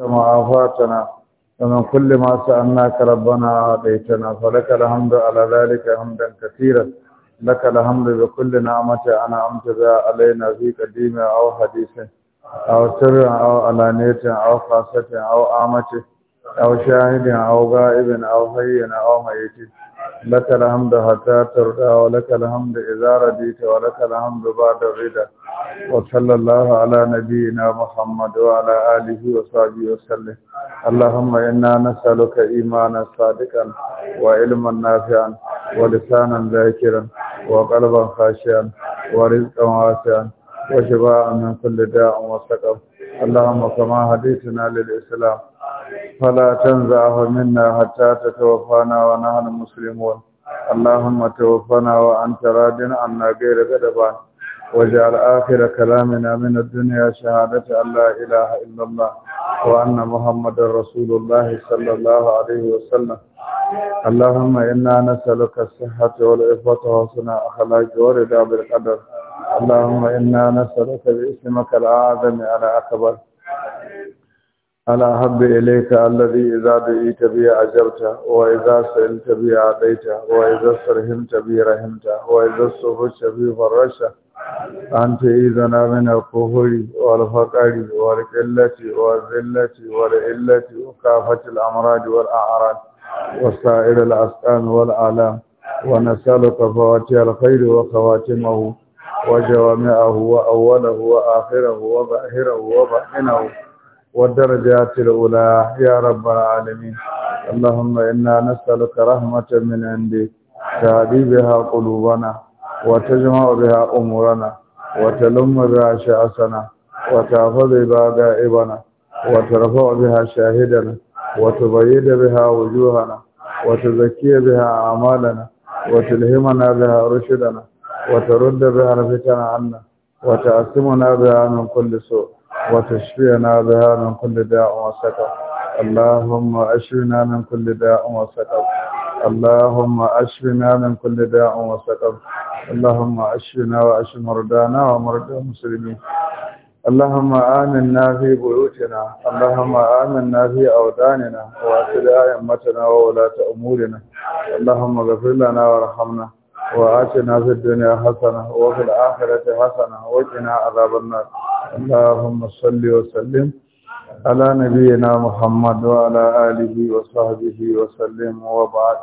وعافاتنا ومن كل ما سألناك ربنا عاديتنا فلك الحمد على ذلك حمدا كثيرا لك الحمد بكل نعمة أنا أمتدى علينا في قديم أو حديث أو سر أو علانية أو خاصة أو عامة أو شاهد أو غائب أو حي أو ميت لك الحمد حتى ترضى ولك الحمد إذا رضيت ولك الحمد بعد الرضا وصلى الله على نبينا محمد وعلى آله وصحبه وسلم اللهم إنا نسألك إيمانا صادقا وعلما نافعا ولسانا ذاكرا وقلبا خاشعا ورزقا واسعا وشفاء من كل داء وسقم اللهم كما هديتنا للإسلام فلا تنزعه منا حتى تتوفانا ونحن مسلمون اللهم توفنا وأنت راد عنا غير غضبان واجعل آخر كلامنا من الدنيا شهادة أن لا إله إلا الله وأن محمد رسول الله صلى الله عليه وسلم اللهم إنا نسألك الصحة والعفة وحسن أخلاق ورضا بالقدر اللهم إنا نسألك باسمك الأعظم على أكبر ana habbe ilayka alladhi idha da'ita a ajabta wa idha sa'alta bi ataita wa idha sarhimta bi rahimta wa idha sufita bi farasha anta idha namina al-quhuri wa al-faqari wa al-qillati wa al-zillati wa al-illati wa kafati al-amrad wa al-a'rad wa sa'ir al-asqan wa al-alam wa nas'aluka fawati al-khayr wa khawatimahu wa jawami'ahu wa awwalahu wa akhirahu wa zahirahu wa bahinahu والدرجات الأولى يا رب العالمين اللهم إنا نسألك رحمة من عندك تهدي بها قلوبنا وتجمع بها أمورنا وتلم بها شأسنا وتحفظ بها غائبنا وترفع بها شاهدنا وتبيد بها وجوهنا وتزكي بها أعمالنا وتلهمنا بها رشدنا وترد بها الفتن عنا وتعصمنا بها من كل سوء وتشفينا بها من كل داء وسقم اللهم اشفنا من كل داء وسقم اللهم اشفنا من كل داء وسقم اللهم اشفنا واشف مرضانا ومرضى المسلمين اللهم آمنا في بيوتنا اللهم آمنا في أوداننا وأسل أئمتنا وولاة أمورنا اللهم اغفر لنا وارحمنا وآتنا في الدنيا حسنة وفي الآخرة حسنة وقنا عذاب النار اللهم صل وسلم على نبينا محمد وعلى آله وصحبه وسلم وبعد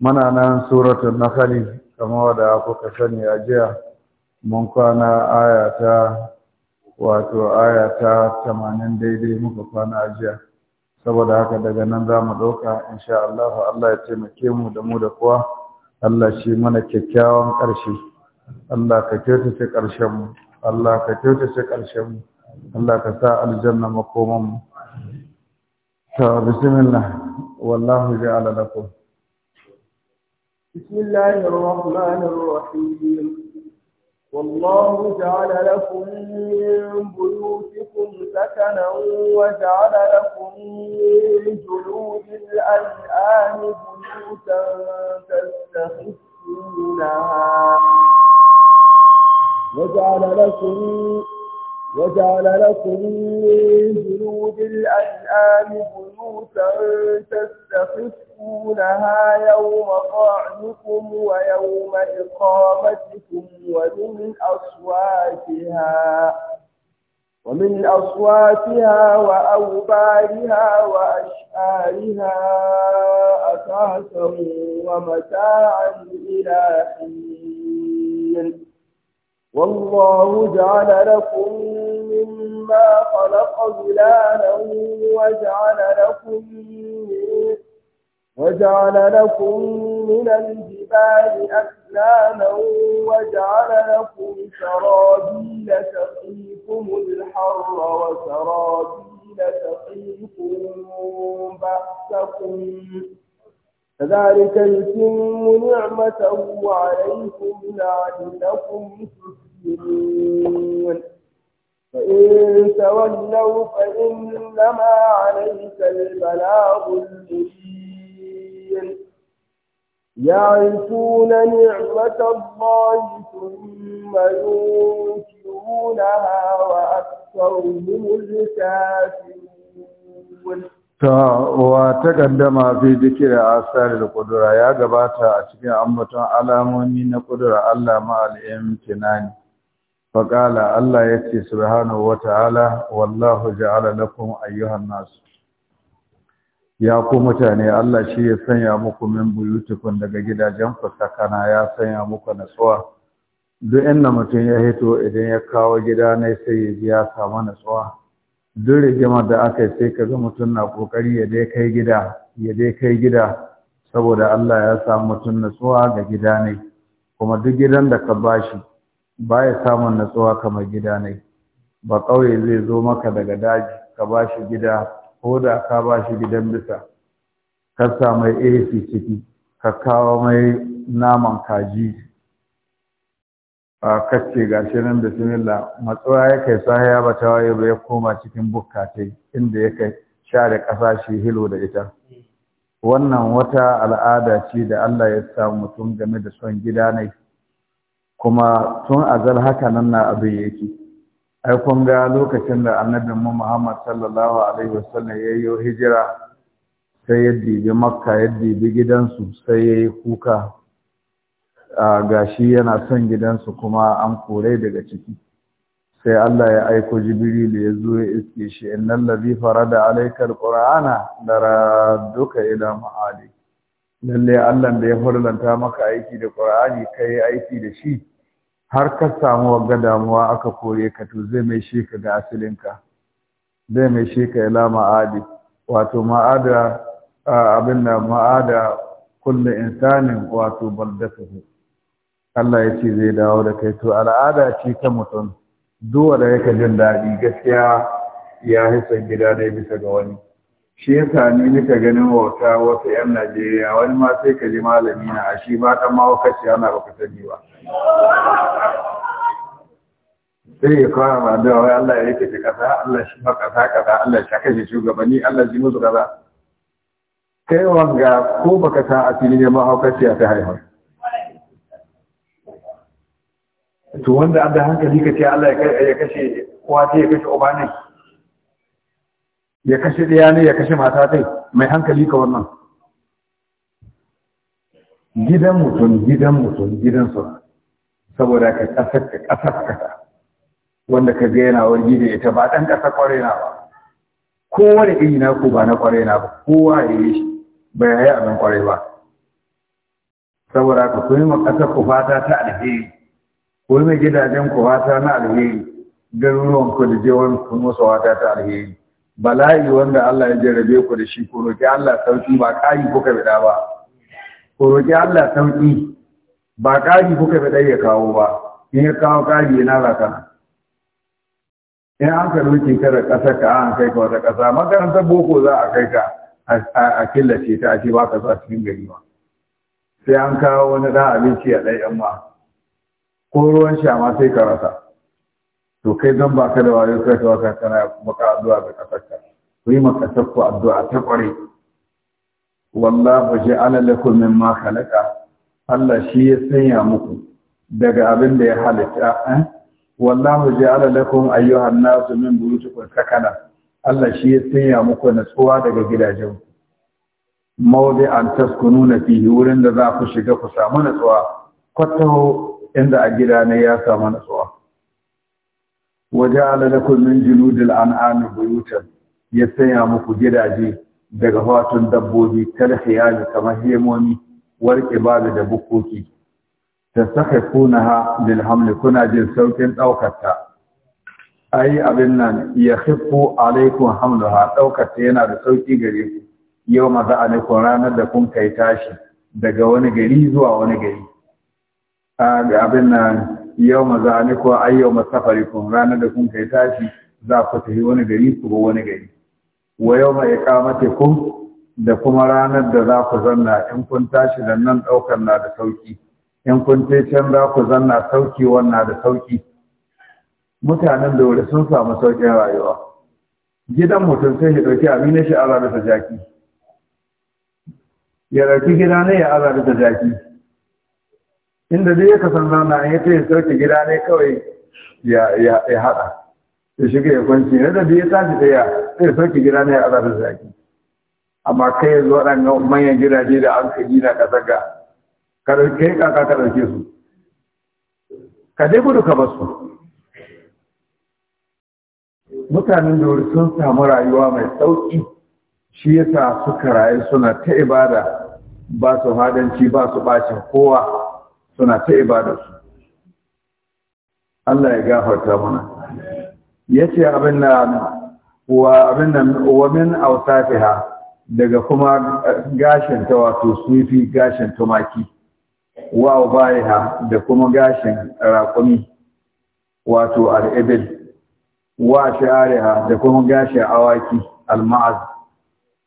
من أنا سورة النخل كما ودا أفوك سني أجيع من كان آياتا واتو آياتا كما نندي تمانين من كان أجيع saboda haka daga nan za mu ɗauka insha Allah Allah ya taimake mu da mu da kuwa Allah shi mana kyakkyawan ƙarshe Allah ka kyautace ƙarshen mu Allah ka kyautace ƙarshen mu Allah ka sa aljanna makoman mu ta bismillah wallahu ja'ala lakum بسم الله الرحمن الرحيم والله جعل لكم من بيوتكم سكنا وجعل لكم من جلود الأنعام بيوتا تستخفونها وجعل لكم وجعل لكم من جلود الأنعام بيوتا تستخفونها تذوقونها يوم طعنكم ويوم إقامتكم ومن أصواتها ومن أصواتها وأوبارها وأشعارها أساسا ومتاعا إلى حين والله جعل لكم مما خلق ظلالا وجعل لكم من وجعل لكم من الجبال أكلاما وجعل لكم سرابيل تقيكم الحر وسرابيل تقيكم بأسكم كذلك يتم نعمته عليكم لعلكم تسلمون فإن تولوا فإنما عليك البلاغ المبين يعرفون نعمة الله ثم ينكرونها وأكثرهم الكافرون ta wa takaddama fi zikira asaril kudura ya gabata a cikin ambaton alamomi na kudura Allah ma al faqala Allah yace subhanahu wa ta'ala wallahu ja'ala lakum ayyuhan nasu. ya ku mutane Allah shi ya sanya muku min buyutukun daga gidajen ku sakana ya sanya muku natsuwa duk inda mutum ya hito idan ya kawo gida ne sai ya ji ya samu natsuwa duk rigimar da aka yi sai ka ga mutum na kokari ya dai kai gida ya dai kai gida saboda Allah ya samu mutum natsuwa ga gida ne kuma duk gidan da ka bashi baya samun natsuwa kamar gida ne ba ƙauye zai zo maka daga daji ka bashi gida ko da ka ba shi gidan bisa ka sa mai AC ciki ka kawo mai naman kaji a kacce ga shi nan bismillah matsuwa ya kai sahiya ba ta waye ba ya koma cikin bukka inda ya kai sha da ƙasa shi hilo da ita wannan wata al'ada ce da Allah ya sa mutum game da son gida ne kuma tun azal haka nan na abin yake ai kun ga lokacin da annabin mu Muhammad sallallahu alaihi wasallam yi hijira sai ya dibi makka ya dibi gidansu sai ya yi kuka a gashi yana son gidansu kuma an kore daga ciki sai Allah ya aiko jibrilu ya zo ya iske shi innal ladhi farada alayka alqur'ana laraduka ila ma'adi lalle Allah da ya furlanta maka aiki da qur'ani kai aiki da shi har ka samu wagga damuwa aka kore ka to zai mai shi ka ga asilinka zai mai shi ka ila ma'adi wato ma'ada abin da ma'ada kullu insanin wato su Allah ya ce zai dawo da kai to al'ada ce ta mutum duwa da yake jin daɗi gaskiya ya hisan gida na bisa ga wani shi yasa ni nika ganin wauta wasu 'yan Najeriya wani ma sai ka ji malami na shi ba ɗan shi ana baka sani ba. Sai ya fara ma da wai Allah ya yi kaji kasa, Allah shi ba kasa kasa, Allah shi kashe shugabanni, Allah shi musu kasa. Kai wanga ko baka sa a fili ne mahaukaci a ta haihar. To wanda an da hankali ka ce Allah ya kashe kwace ce ya kashe uba ne. ya kashe ɗaya ne ya kashe mata tai mai hankali ka wannan gidan mutum gidan mutum gidan su saboda ka ƙasar ka ƙasar ka wanda ka ga yana wani gida ita ba ɗan ƙasa ƙwarai na ba da iri na ku ba na ƙwarai na ba kowa ya yi shi bai yi abin ƙwarai ba saboda ka kuma ƙasar ku fata ta alheri ko mai gidajen ku fata na alheri garuruwan ku da jewan ku musu fata ta alheri bala'i wanda Allah ya jarabe ku da shi ko roƙi Allah sauki ba ƙari kuka bida ba ko roƙi Allah sauki ba ƙari kuka bida ya kawo ba in ya kawo ƙari yana raka in an ka roƙi ka da ƙasa ka an kai ka wata ƙasa makarantar boko za a kai ka a killace ta a ce ba ka za yin gari ba sai an kawo wani ɗan abinci a ɗayan ma ko ruwan sha ma sai ka rasa to kai don ba ka da wayo kai ka waka kana maka addu'a ga kasarka ku yi maka takku addu'a ta kware wallahu ja'ala lakum mimma khalaqa Allah shi ya sanya muku daga abin da ya halitta eh wallahu ja'ala lakum ayyuhan nasu min buyutikum sakana Allah shi ya sanya muku natsuwa daga gidajen mawdi an taskununa fihi wurin da za ku shiga ku samu natsuwa kwataho inda a gida ne ya samu natsuwa Wajen lakum min junudil an'ami buyutan ya sanya muku gidaje daga watan dabbobi kal da kamar hemomi warke qibali da bukkoki ha lil hamli kuna jin saukin daukarta ai abin nan ya khifu alaikum hamluha daukarta yana da sauki gare ku yau maza ne ranar da kun kai tashi daga wani gari zuwa wani gari abin nan yau mazani ko ai yau masafari kun ranar da kun kai tashi za ku tafi wani gari ku ga wani gari wa yau mai kamata kun da kuma ranar da za ku zanna in kun tashi da nan daukar na da sauki in kun ce can za ku zanna sauki wannan da sauki mutanen da wuri sun samu sauƙin rayuwa gidan mutum sai ya ɗauki abin na shi azabi da jaki ya ɗauki gida ne ya azabi da jaki inda dai ya kasan zauna an yi ta ya sauke gida ne kawai ya haɗa ya shiga ya kwanci na da ya tashi ta ya sauke gida ne a zafin zaki amma kai ya zo ɗan manyan gidaje da an kaji na kasaga ka ɗauke kaka ka ɗauke su ka dai gudu ka basu mutanen da sun samu rayuwa mai sauƙi shi yasa suka rayu suna ta ibada ba su hadanci ba su bacin kowa suna ta ibadarsu Allah ya gafarta mana yace abin wa abin nan wamin autafiha daga kuma gashin ta wato sufi gashin tumaki wa baiha da kuma gashin raƙumi wato al’ibil, wa sha'ariha da kuma gashin awaki al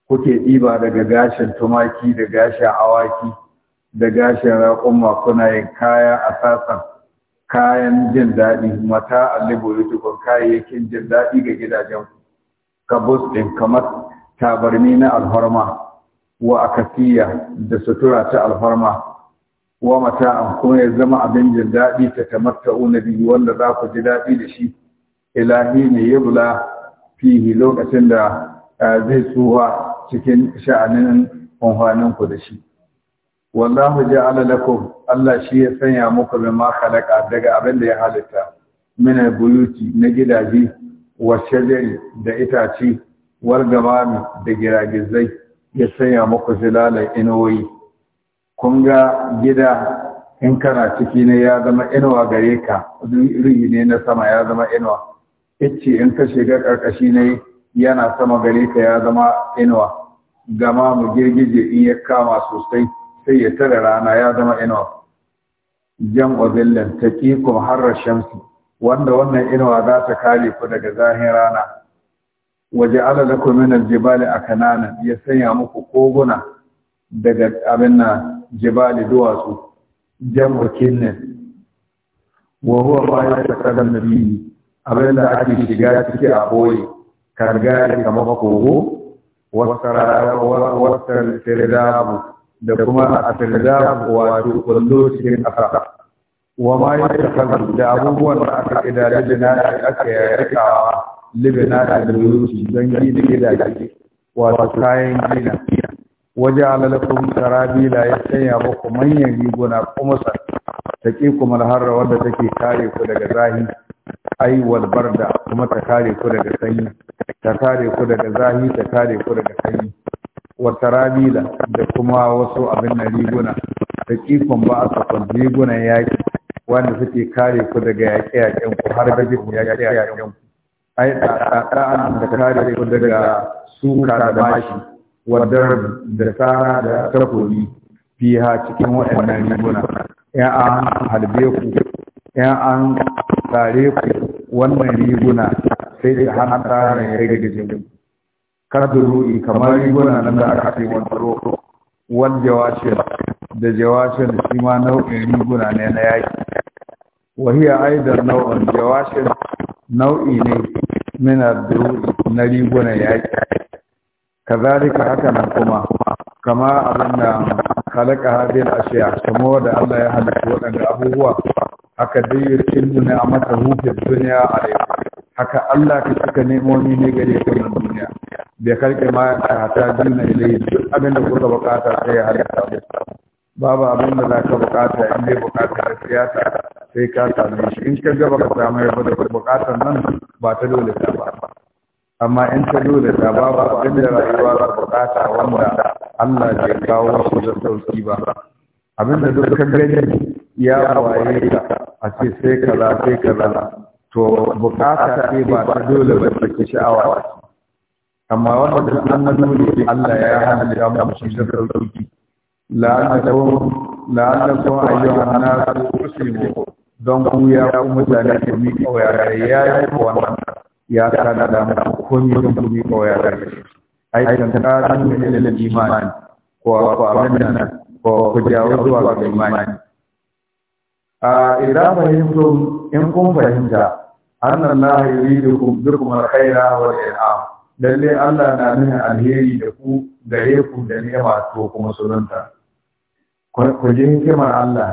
kuke ɗiba daga gashin tumaki da gashin awaki da gashin raƙumma kuna yin kaya a sasan kayan jin daɗi mata a tukun kayayyakin jin daɗi ga gidajen kabus ɗin kamar tabarni na alfarma wa akasiya da sutura ta alfarma wa mata'an kuma ya zama abin jin daɗi ta ta'u na biyu wanda za ku ji daɗi da shi ilahi ne ya bula fihi lokacin da eh, zai tsuwa cikin sha'anin amfanin ku da shi wallahu ja'ala lakum Allah shi ya sanya muku ma khalaqa daga abin da ya halitta mina buyuti na gidaje wa shajari da itace wal gamami da giragizai ya sanya muku zilalan inuwoyi kun ga gida in kana ciki ne ya zama inuwa gare ka ruhi ne na sama ya zama inuwa icce in ka shiga karkashi ne yana sama gare ka ya zama inuwa gama mu girgije in ya kama sosai sai ya tare rana ya zama inuwa jam'u ta kikun harar shamsu wanda wannan inuwa za ta kare ku daga zahin rana waje ala lakum jibali a kananan ya sanya muku koguna daga abin na jibali duwatsu jam'u kinnin wa huwa bayan taqaddam biyu abin da ake shiga ciki a boye kargari kamar kogo wasu rarrawa da kuma a firda wato kullu cikin ƙasa wa ma shakar da abubuwan da aka idare da na aka yarka na da dulusi don gidi gidaje wato kayan gina waje alalakun la ya sanya muku manyan riguna kuma sa ta ƙi kuma harra wanda take kare ku daga zahi ai da kuma ta kare ku daga sanyi ta kare ku daga zahi ta kare ku daga sanyi Wata rabila da kuma wasu abin na riguna da kifin ba a sakon rigunan yaƙi wanda suke kare ku daga yaƙe-yaƙen ku har da jikin yaƙe-yaƙen ku ai ɗa'an da kare ku daga suka da bashi wadar da tsara da takobi fiha cikin waɗannan riguna ya an halbe ku ya an tsare ku wannan riguna sai da hana tsarin da rage ku karbin ru'i kamar riguna nan da aka yi wani roƙo wal jawashin da jawashin shi ma nau'in riguna ne na yaki wahiya aidar nau'in jawashin nau'i ne min ad na riguna yaki kazalika haka nan kuma kama abin da khalaqa hadhihi ashiya kuma da Allah ya halitta waɗanda abubuwa haka dai ya amma ta hufe duniya a rayuwa. haka Allah ka cika nemomi ne gare ka duniya bai karke ma ta biyu na ilai duk abin da kuka bukata sai ya halitta mu babu abin da za bukata in dai bukata da siyasa sai ka shi in ka gaba ka samu da bukatar nan ba ta dole ta ba amma in ta dole ta ba ba abin da rayuwa bukata wanda Allah bai kawo su da sauki ba abin da duk gani ya waye ka a ce sai kaza sai kaza to bukata ce ba ta dole ba ta sha'awa amma wanda an nuna Allah ya da halitta mu shi da sauki la'annakum la'annakum ayyuhan nas ne. don ku ya mutane ku mi kawai ya yi wannan ya kana da mu yi ku mi ya ai kan karan ilil imani ko ko abin nan ko ku jawo zuwa ga imani a idan fahimtum in kun fahimta annan la yuridu alkhaira wal lalle Allah na nuna alheri da ku gare ku da nema to kuma sunanta ku ji hikimar Allah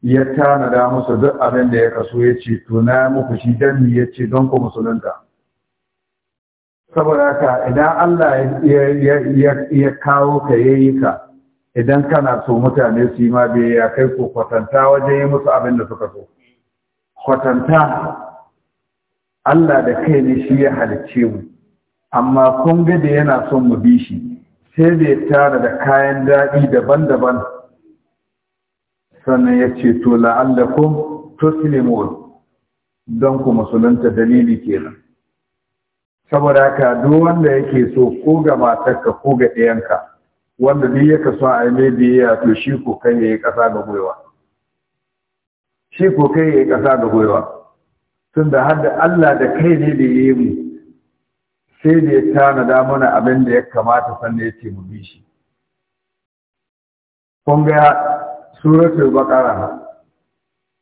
ya tanada musu duk abin da ya kaso ya ce to na muku shi dan ya ce don ku musulunta saboda ka idan Allah ya kawo ka yayi ka idan kana so mutane su yi ma ya kai ko kwatanta wajen yi musu abin da suka so kwatanta Allah da kai ne shi ya halicce mu amma kun ga da yana son mu bi shi sai da ya tara da kayan daɗi daban-daban sannan ya ce to la'allakum tuslimun don ku musulunta dalili kenan saboda haka duk wanda yake so ko ga matarka ko ga ɗayanka wanda duk ya so a mai biyayya to shi ko kai yi ƙasa ga gwiwa shi ko kai yi ƙasa ga gwiwa tunda har da Allah da kai ne da yi mu sai da ya tanada mana abin da ya kamata sannan ya ce mu bi shi kun ga suratul baqara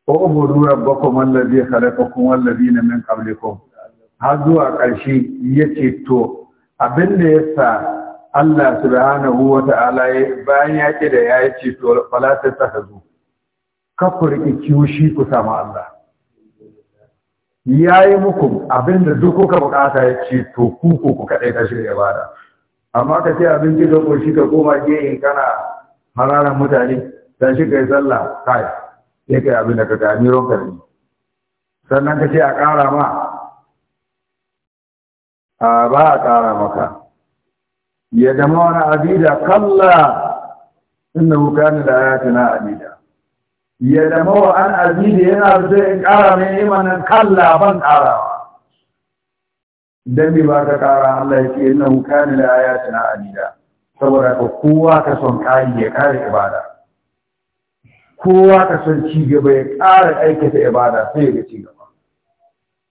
ko ubudu rabbakum allazi khalaqakum na min qablikum har zuwa ƙarshe yace to abin da yasa Allah subhanahu wa ta'ala bayan ya ce da ya ce to fala ta saka zu kafur ki kiushi ku sama Allah ya yi muku abinda da duk kuka bukata ya ce to ku ko ku kaɗai ta shirya ba da. amma ka ce abinci da shi ka koma kana hararan mutane ta shi ka yi sallah kai ya kai abin da ka gani ronka ne sannan ka ce a ƙara ma a ba a ƙara maka ya dama wani abida kalla inna hukani da ayatina abida ya zama wa an azizi yana zai in ƙara mai imanin kalla ban ƙarawa dan bi ba ka ƙara Allah ya ce ina hukani da na alida saboda ka kowa ka son kari ya kare ibada kowa ka son cigaba ya ƙara aikata ibada sai ya ga cigaba.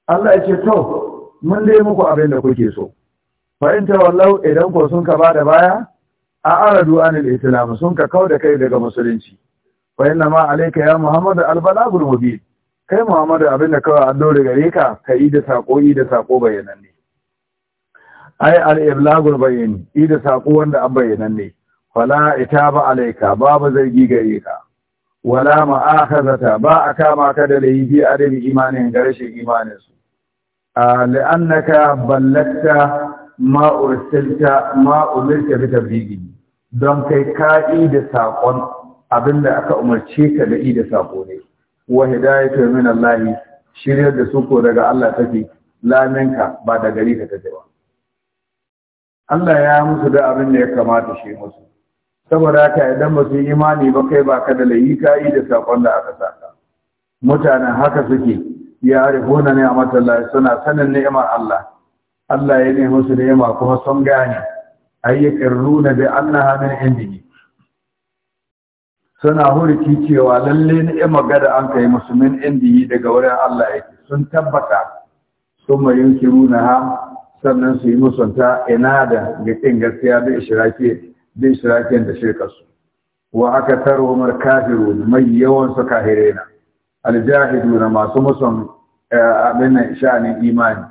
Allah ya ce to mun dai muku abin da kuke so fa in wallahu idan ko sun ka bada baya a aradu anil islam sun ka kauda kai daga musulunci wayanna ma alayka ya muhammad albalagul mubin kai muhammad abin da kawai an dore gare ka kai yi da sako yi da sako bayananne ai al-iblagul bayani yi da sako wanda an bayananne wala itaba alayka babu zargi gare ka wala ma'akhazata ba a kama ka da laifi adami imanin ga imanin su la'annaka ballagta ma ursilta ma umirta bi tabligi don kai ka'i da sakon abinda aka umarce ka da i da sako ne wa hidayatu min Allah shiryar da su ko daga Allah take laminka ba da gari ka take ba Allah ya musu da abin da ya kamata shi musu saboda haka idan ba su yi imani ba kai ba ka da layi ka yi da sakon da aka saka mutanen haka suke ya arifuna ne a matallah suna sanin ni'imar Allah Allah ya ne musu ni'ima kuma sun gane ayyukan runa bi annaha min indihi suna huriki cewa lalle 'yan magada an kai musulmin indiyi daga wurin Allah yake sun tabbata sun mai yunkiru ha sannan su yi musunta ina da gaƙin gaskiya da ishirake da ishiraken da shirkarsu wa aka taro mar kafiru mai yawan su na aljahidu na masu musun eh, abin na sha'anin imani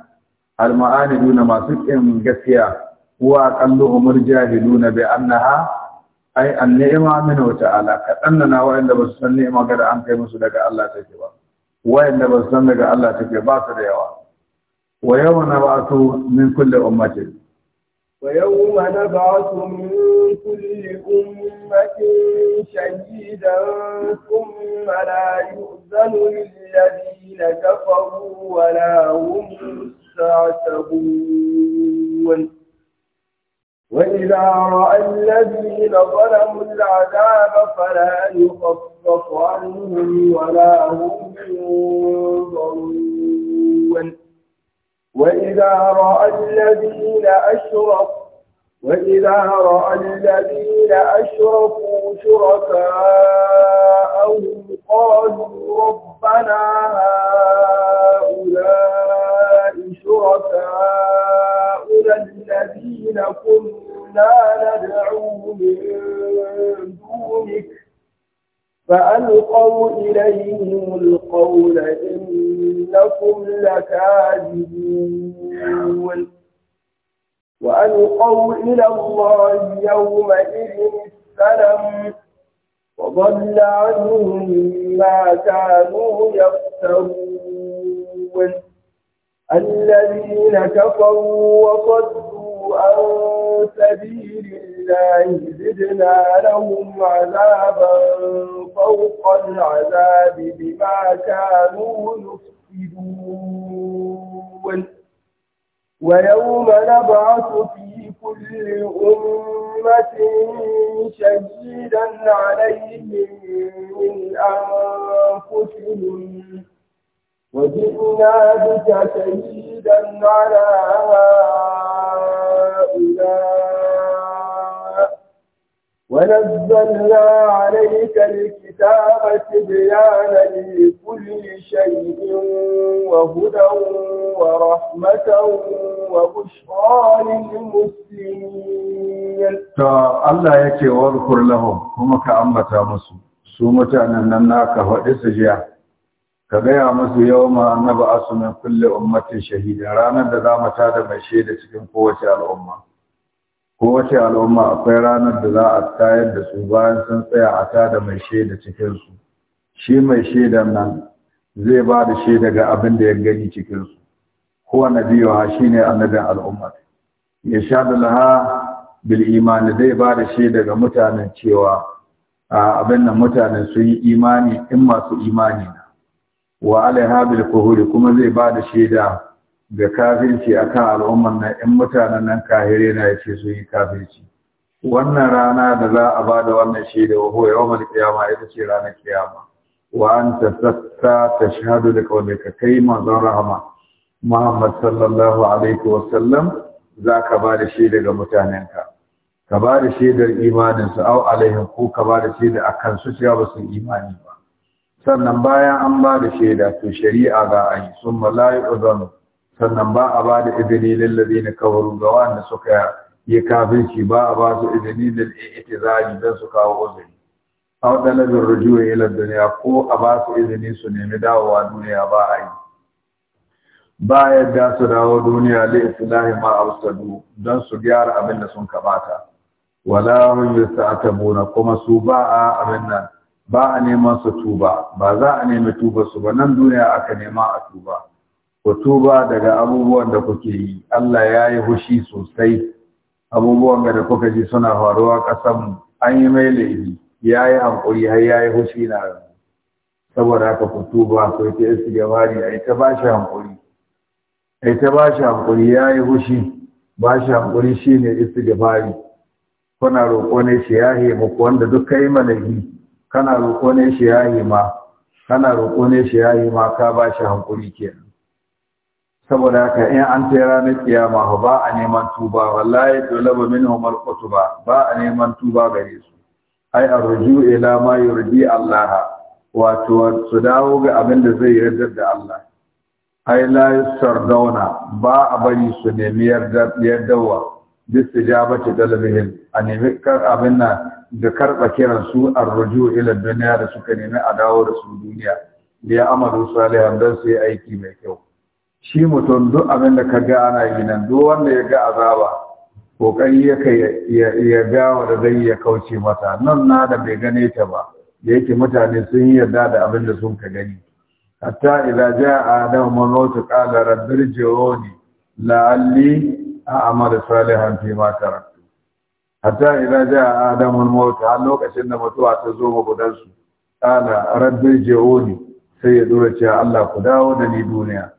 Alma'ani na masu ƙin gaskiya wa kalluhumul jahiluna bai annaha ai an nema min wa ta'ala kadan na wayanda ba su san ni'ima ga an kai musu daga Allah take ba wayanda ba su san daga Allah take ba su da yawa wa yawma nab'atu min kulli ummatin wa yawma nab'atu min kulli ummatin shahidan thumma la yu'zanu lil ladina kafaru wa la hum yusta'tabun وإذا رأى الذين ظلموا العذاب فلا يخفف عنهم ولا هم ينظرون وإذا رأى الذين أشرفوا وإذا رأى الذين أشرفوا شركاءهم قالوا ربنا هؤلاء شركاؤنا الذين كنا لا ندعو من دونك فألقوا إليهم القول إنكم لكاذبون وألقوا إلى الله يومئذ السلام وضل عنهم ما كانوا يفترون الذين كفروا وصدوا عن سبيل الله زدنا لهم عذابا فوق العذاب بما كانوا يفسدون ويوم نبعث في كل أمة شهيدا عليهم من أنفسهم وجئنا بك شهيدا على هؤلاء ونزلنا عليك الكتاب تبيانا لكل شيء وهدى ورحمة وبشرى للمسلمين. الله يكي واذكر لهم هم كأمة مصر سومة أن nan هو faɗi ka gaya musu yau ma ba min kulle ummatin shahida ranar da za mu tada mai shaida cikin kowace al'umma kowace al'umma akwai ranar da za a tayar da su bayan sun tsaya a tada mai shaida cikin su shi mai shaidan nan zai ba da shaida ga abin da ya gani cikin su huwa nabiyuha shine annabin al'umma ya da laha bil imani zai ba da shaida ga mutanen cewa abin nan mutanen sun yi imani in masu imani ne wa alaiha kuhuri kuma zai ba da shaida ga kafirci akan al'ummar nan in mutanen nan kahire na yace sun yi kafirci wannan rana da za a ba da wannan shaida wa huwa yawmal qiyama ita ce ranar kiyama wa anta satta tashhadu da qawlika kai manzon rahama Muhammad sallallahu alaihi wa sallam zaka ba da shaida ga mutanenka ka ba da shaidar imanin su au alaihim ko ka ba da shaida akan su cewa ba su imani ba sannan bayan an ba da shaida to shari'a ga a yi sun malayi uzanu sannan ba a ba da izini lallabi na kawaru ga wanda suka yi kafinci ba a ba su izini da yi don su kawo uzuri a waɗannan rujuwa yi duniya ko a ba su izini su nemi dawowa duniya ba a yi ba yadda su dawo duniya li islahi ma don su gyara abin da sun kamata. wala hum kuma su ba a abin nan ba a neman su tuba ba za a nemi tuba su ba nan duniya aka nema a tuba ku tuba daga abubuwan da kuke yi Allah ya yi hushi sosai abubuwan da kuka ji suna faruwa kasan an yi mai laifi ya yi hankuri har ya yi hushi na saboda haka ku tuba ku ta istighfari ai ta bashi hankuri ai ta shi hankuri ya yi hushi Ba bashi hankuri shine gabari kuna roƙo ne shi ya yahe muku wanda duk kai malaifi kana roƙo ne shi yayi ma kana roƙo ne shi ma ka ba shi hankuri kenan saboda haka in an ta ranar kiyama ba a neman tuba wallahi dole ba min humar kutuba ba a neman tuba gare su ai arju ila ma yurdi Allah wato su dawo ga abin da zai yarda da Allah ai la ba a bari su nemi yarda yardawa bi sijabati talabihim a nemi abin nan da karɓa kiran su an rujo ila duniya da suka nemi a dawo da su duniya da ya amaru salihan don su yi aiki mai kyau shi mutum duk abin da ka ga ana yi nan duk wanda ya ga azaba kokari yake ya ga wanda zai ya kauce mata nan na da bai gane ta ba da yake mutane sun yi yarda da abin da sun ka gani hatta idza a adamu manotu kala rabbir jeroni la'alli amara salihan fi ma hatta idan ja adamu al har lokacin da mutuwa ta zo ma gudan su kana rabbi ji'uni sai ya dora a Allah ku dawo da ni duniya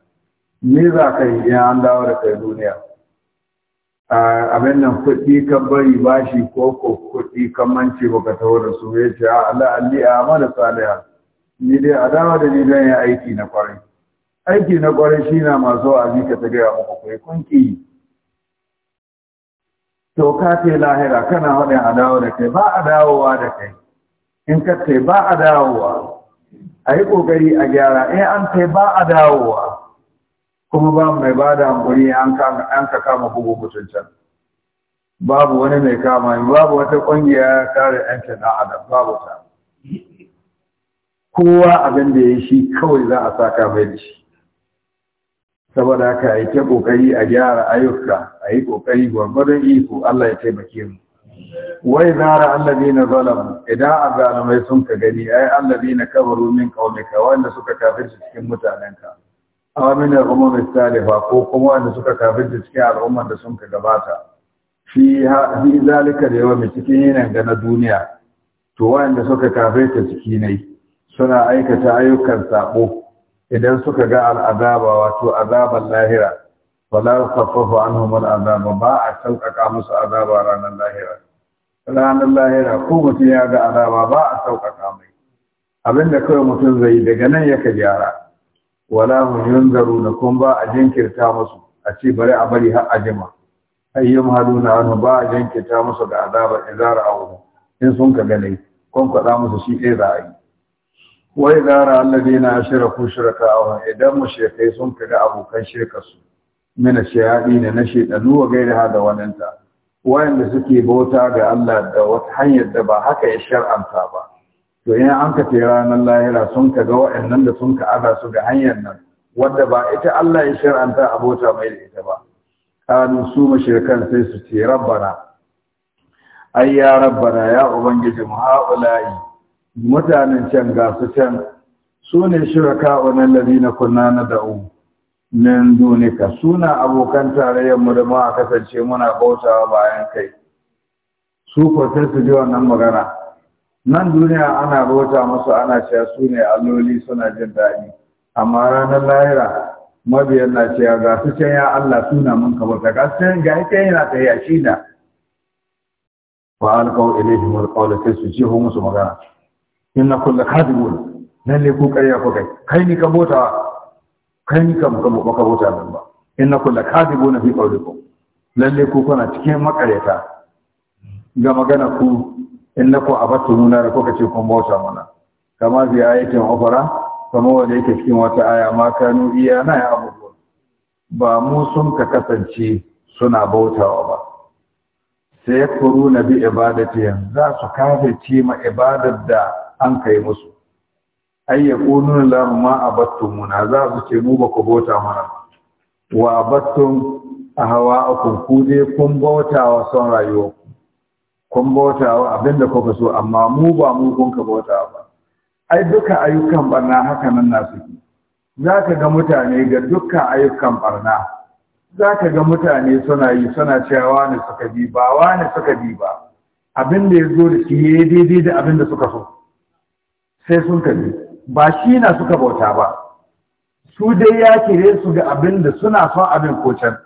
me za ka yi idan an dawo da kai duniya abin nan kuɗi kan bari bashi ko ko kuɗi kan mance baka taho da su ya ce Allah alli amala salihah ni dai a dawo da ni don ya aiki na kwarai aiki na kwarai shi na masu wa'azi ka ta gaya muku kai kun to ka ce lahira kana wani a dawo da kai ba a dawowa da kai in ka ce ba a dawowa a yi ƙoƙari a gyara in an ce ba a dawowa kuma ba mai ba da hankuri an ka kama bugu mutuncan babu wani mai kama babu wata ƙungiya kare 'yancin ɗan adam babu ta kowa abin da ya shi kawai za a saka mai da shi saboda ka yi ta kokari a gyara ayyuka a yi kokari gwargwadon iko Allah ya taimake mu wai zara allazina zalamu idan azalumai sun ka gani ai allazina kabaru min qaumika wanda suka kafir cikin mutanenka Amina min kuma mai salifa ko kuma wanda suka kafir cikin al'ummar da sun ka gabata fi fi zalika da yawa cikin yanan ga na duniya to wanda suka kafirci ciki ne suna aikata ayyukan sabo idan suka ga al'azaba wato azaban lahira wala an anhum azaba ba a sauƙaƙa musu azaba ranar lahira ranar lahira ko mutum ya ga azaba ba a sauƙaƙa mai Abin da kawai mutum zai daga nan yaka gyara wala hum da kun ba a jinkirta musu a ce bari a bari har a jima ayyam haluna anhu ba a jinkirta musu ga azaba izara wuri, in sun ka gane kun kwaɗa musu shi ɗaya za a yi wai zara allazi na a shirakawa idan mu shekai sun kaga abokan su. mina shayadi ne na shaidanu wa gaira da wananta wayanda suke bauta ga Allah da wata hanyar da ba haka ya shar'anta ba to in an ka tera ranar lahira sun kaga wa'annan da sun ka ada su ga hanyar nan wadda ba ita Allah ya shar'anta a abota mai da ita ba kanu su mushrikan sai su ce rabbana ayya ya rabbana ya ubangiji mu ha'ula'i mutanen can ga su can su ne shiraka wannan lalina kunna na da'u min dunika suna abokan tarayyar mu da ma kasance muna bautawa bayan kai su kwatar su ji wannan magana nan duniya ana bauta musu ana cewa su ne alloli suna jin daɗi amma ranar lahira mabiyan na cewa ga su can ya Allah suna mun ka bauta ga ga ita yana ta yashi na ba alƙawar ilayhim alqawla sai su ji musu magana inna kullu kadibun lalle ku ƙarya ku kai kai ni ka bota kai ni ka baka bota nan ba inna kullu kadibun fi qawlikum ne ku kuna cikin makareta ga magana ku abatu nuna da kuka ce kun bauta mana kama bi ayatin ubara kama wanda yake cikin wata aya ma kanu na ya abubuwa ba mu sun ka kasance suna bautawa ba sai ya kuru na bi ibadatiyan za su kafirce ma ibadar da an kai musu ay yaquluna la ma muna za su ce mu ba ku bota mana wa abattum ahwa'akum ku je kun bota wa son rayuwa kun bota wa abinda kuka so amma mu ba mu kun ka bota ba ai duka ayyukan barna haka nan na suke za ka ga mutane ga duka ayyukan barna za ka ga mutane suna yi suna cewa ne suka bi ba wa ne suka bi ba Abinda yazo ya zo da shi ya daidai da abinda da suka so sai sun tafi ba shi na suka bauta ba su dai ya kire su ga abin da suna son abin ko can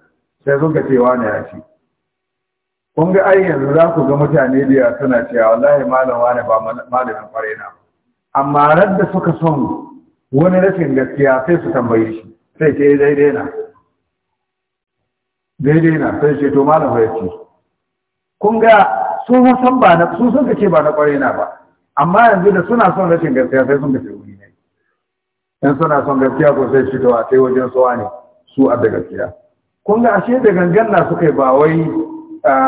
sai sun ka cewa na ya ce kun ga ai yanzu za ku ga mutane da suna cewa wallahi malam wani ba malamin kwarai na amma da suka son wani rashin gaskiya sai su tambaye shi sai ce eh, daidai na daidai na sai ce to malam ya ce kun ga sun san ba na sun san ce ba na ƙwarina na ba amma yanzu da suna son rashin gaskiya sai sun gaske wuri ne in suna son gaskiya ko sai shi a sai wajen suwa ne su a da gaskiya kun ga ashe da gangan na suka yi ba wai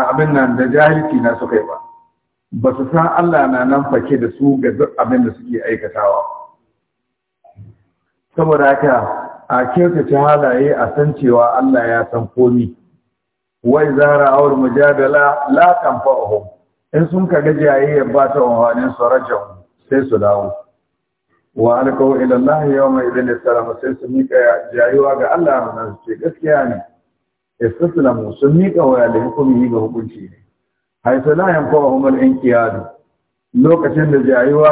abin nan da jahilci na suka yi ba ba su san Allah na nan fake da su ga duk abin da suke aikatawa saboda haka a kyautace halaye a san cewa Allah ya san komi wai zara awar mujadala la tanfa'uhum in sun ka ga jayayyar ba ta amfanin su sai su dawo wa alqaw ila allah yawma idin salamu sai su mika jayuwa ga Allah nan ce gaskiya ne istislamu sun mika waya da hukumi ga hukunci ne haisu kowa Umar in kiyadu lokacin da jayuwa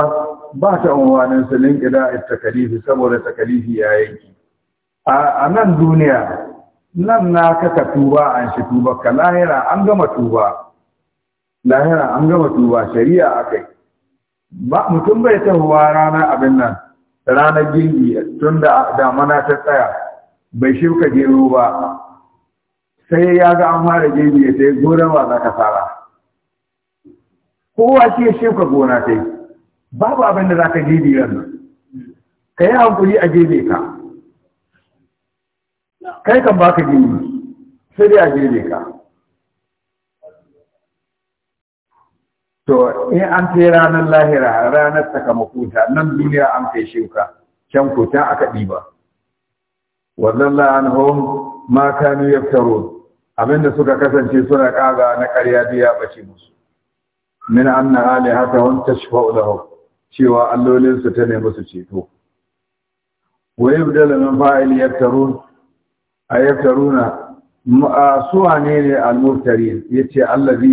ba ta amfanin su linkida a takalifi saboda takalifi ya yanki a nan duniya nan na ka ka tuba an shi tuba ka lahira an gama tuba lahira an gama tuba shari'a akai ba mutum bai tahowa rana abin nan ranar girbi tun da damana ta tsaya bai shirka gero ba sai ya ga an fara girbi sai gonar ba za ka fara kowa ce ya shirka gona sai babu abin da za ka gindi yanzu ka yi hankuli a girbe ka kai kan baka girbi sai dai a girbe ka to in an kai ranar lahira ranar sakamako ta nan duniya an kai shuka can ko ta aka ɗiba wannan an hom ma kanu yaftaro abinda suka kasance suna ƙaga na ƙarya biya ya ɓace musu min ta shi fa'ula lahum cewa allolinsu ta ne musu ceto wa yabdala min fa'il yaftarun na suwa ne ne al-murtari yace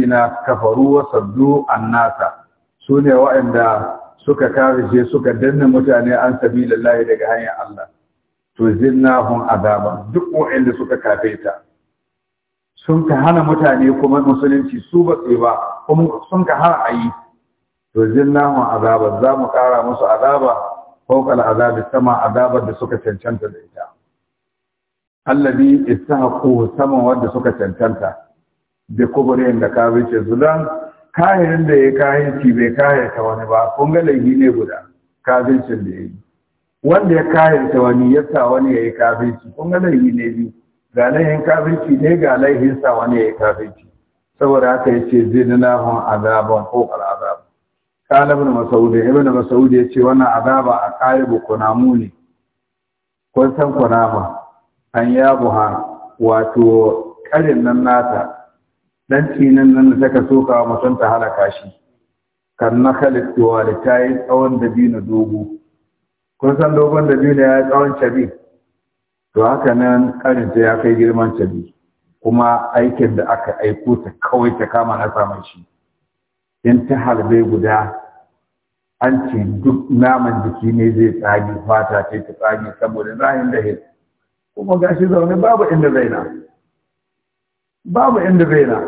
na, kafaru wa saddu annasa sune waɗanda suka kare suka danna mutane an sabilillahi daga hanyar Allah to zinnahum azaba duk waɗanda suka kafeta sun ka hana mutane kuma musulunci su ba su ba kuma sun ka hana ayi to zinnahum azaba za mu kara musu azaba fawqa al-azabi sama azabar da suka cancanta da ita isa istahaqu saman wanda suka cancanta da kuburin da ka wuce zulan kayan da ya ki bai ta wani ba kun ga ne guda kafincin da ya yi wanda ya ta wani ya sa wani ya yi kafinci kun ga laifi ne bi. ga laifin kafinci ne ga laifin sa wani ya yi kafinci saboda haka ya ce hun azaban ko azab kana ibn mas'ud ibn mas'ud ya ce wannan azaba a karibu kunamu ne kun san kunama an yabuha wato karin nan nata dan cinin nan da take soka mutum ta halaka shi kan na halittuwa da ta yi tsawon dabino dogo kun san dogon dabino ya yi tsawon cabi to haka nan karin ta ya kai girman cabi kuma aikin da aka aiko ta kawai ta kama na samun shi in ta halbe guda an ce duk naman jiki ne zai tsage fata ce ta tsage saboda zahin da hil kuma gashi zaune babu inda zaina babu inda zaina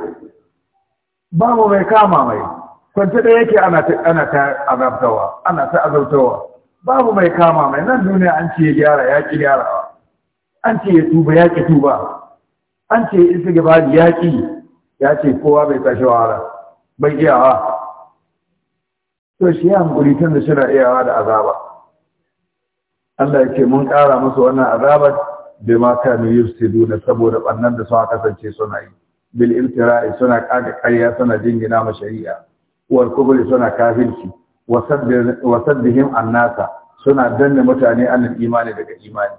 babu mai kama mai kwanci da yake ana ta azabtawa ana ta azabtawa babu mai kama mai nan duniya an ce gyara ya ki gyarawa an ce ya tuba ya ki tuba an ce isa gabani ya ki ya ce kowa bai tashi wahala bai iyawa to shi ya hankuri tun da shi na iyawa da azaba Allah ya ce mun ƙara musu wannan azabar bima kanu yufsiduna saboda bannan da suka kasance suna yi bil iltira'i suna kaga ƙarya suna jingina ma shari'a wal kubri suna kafirci wa saddihim annasa suna danne mutane an imani daga imani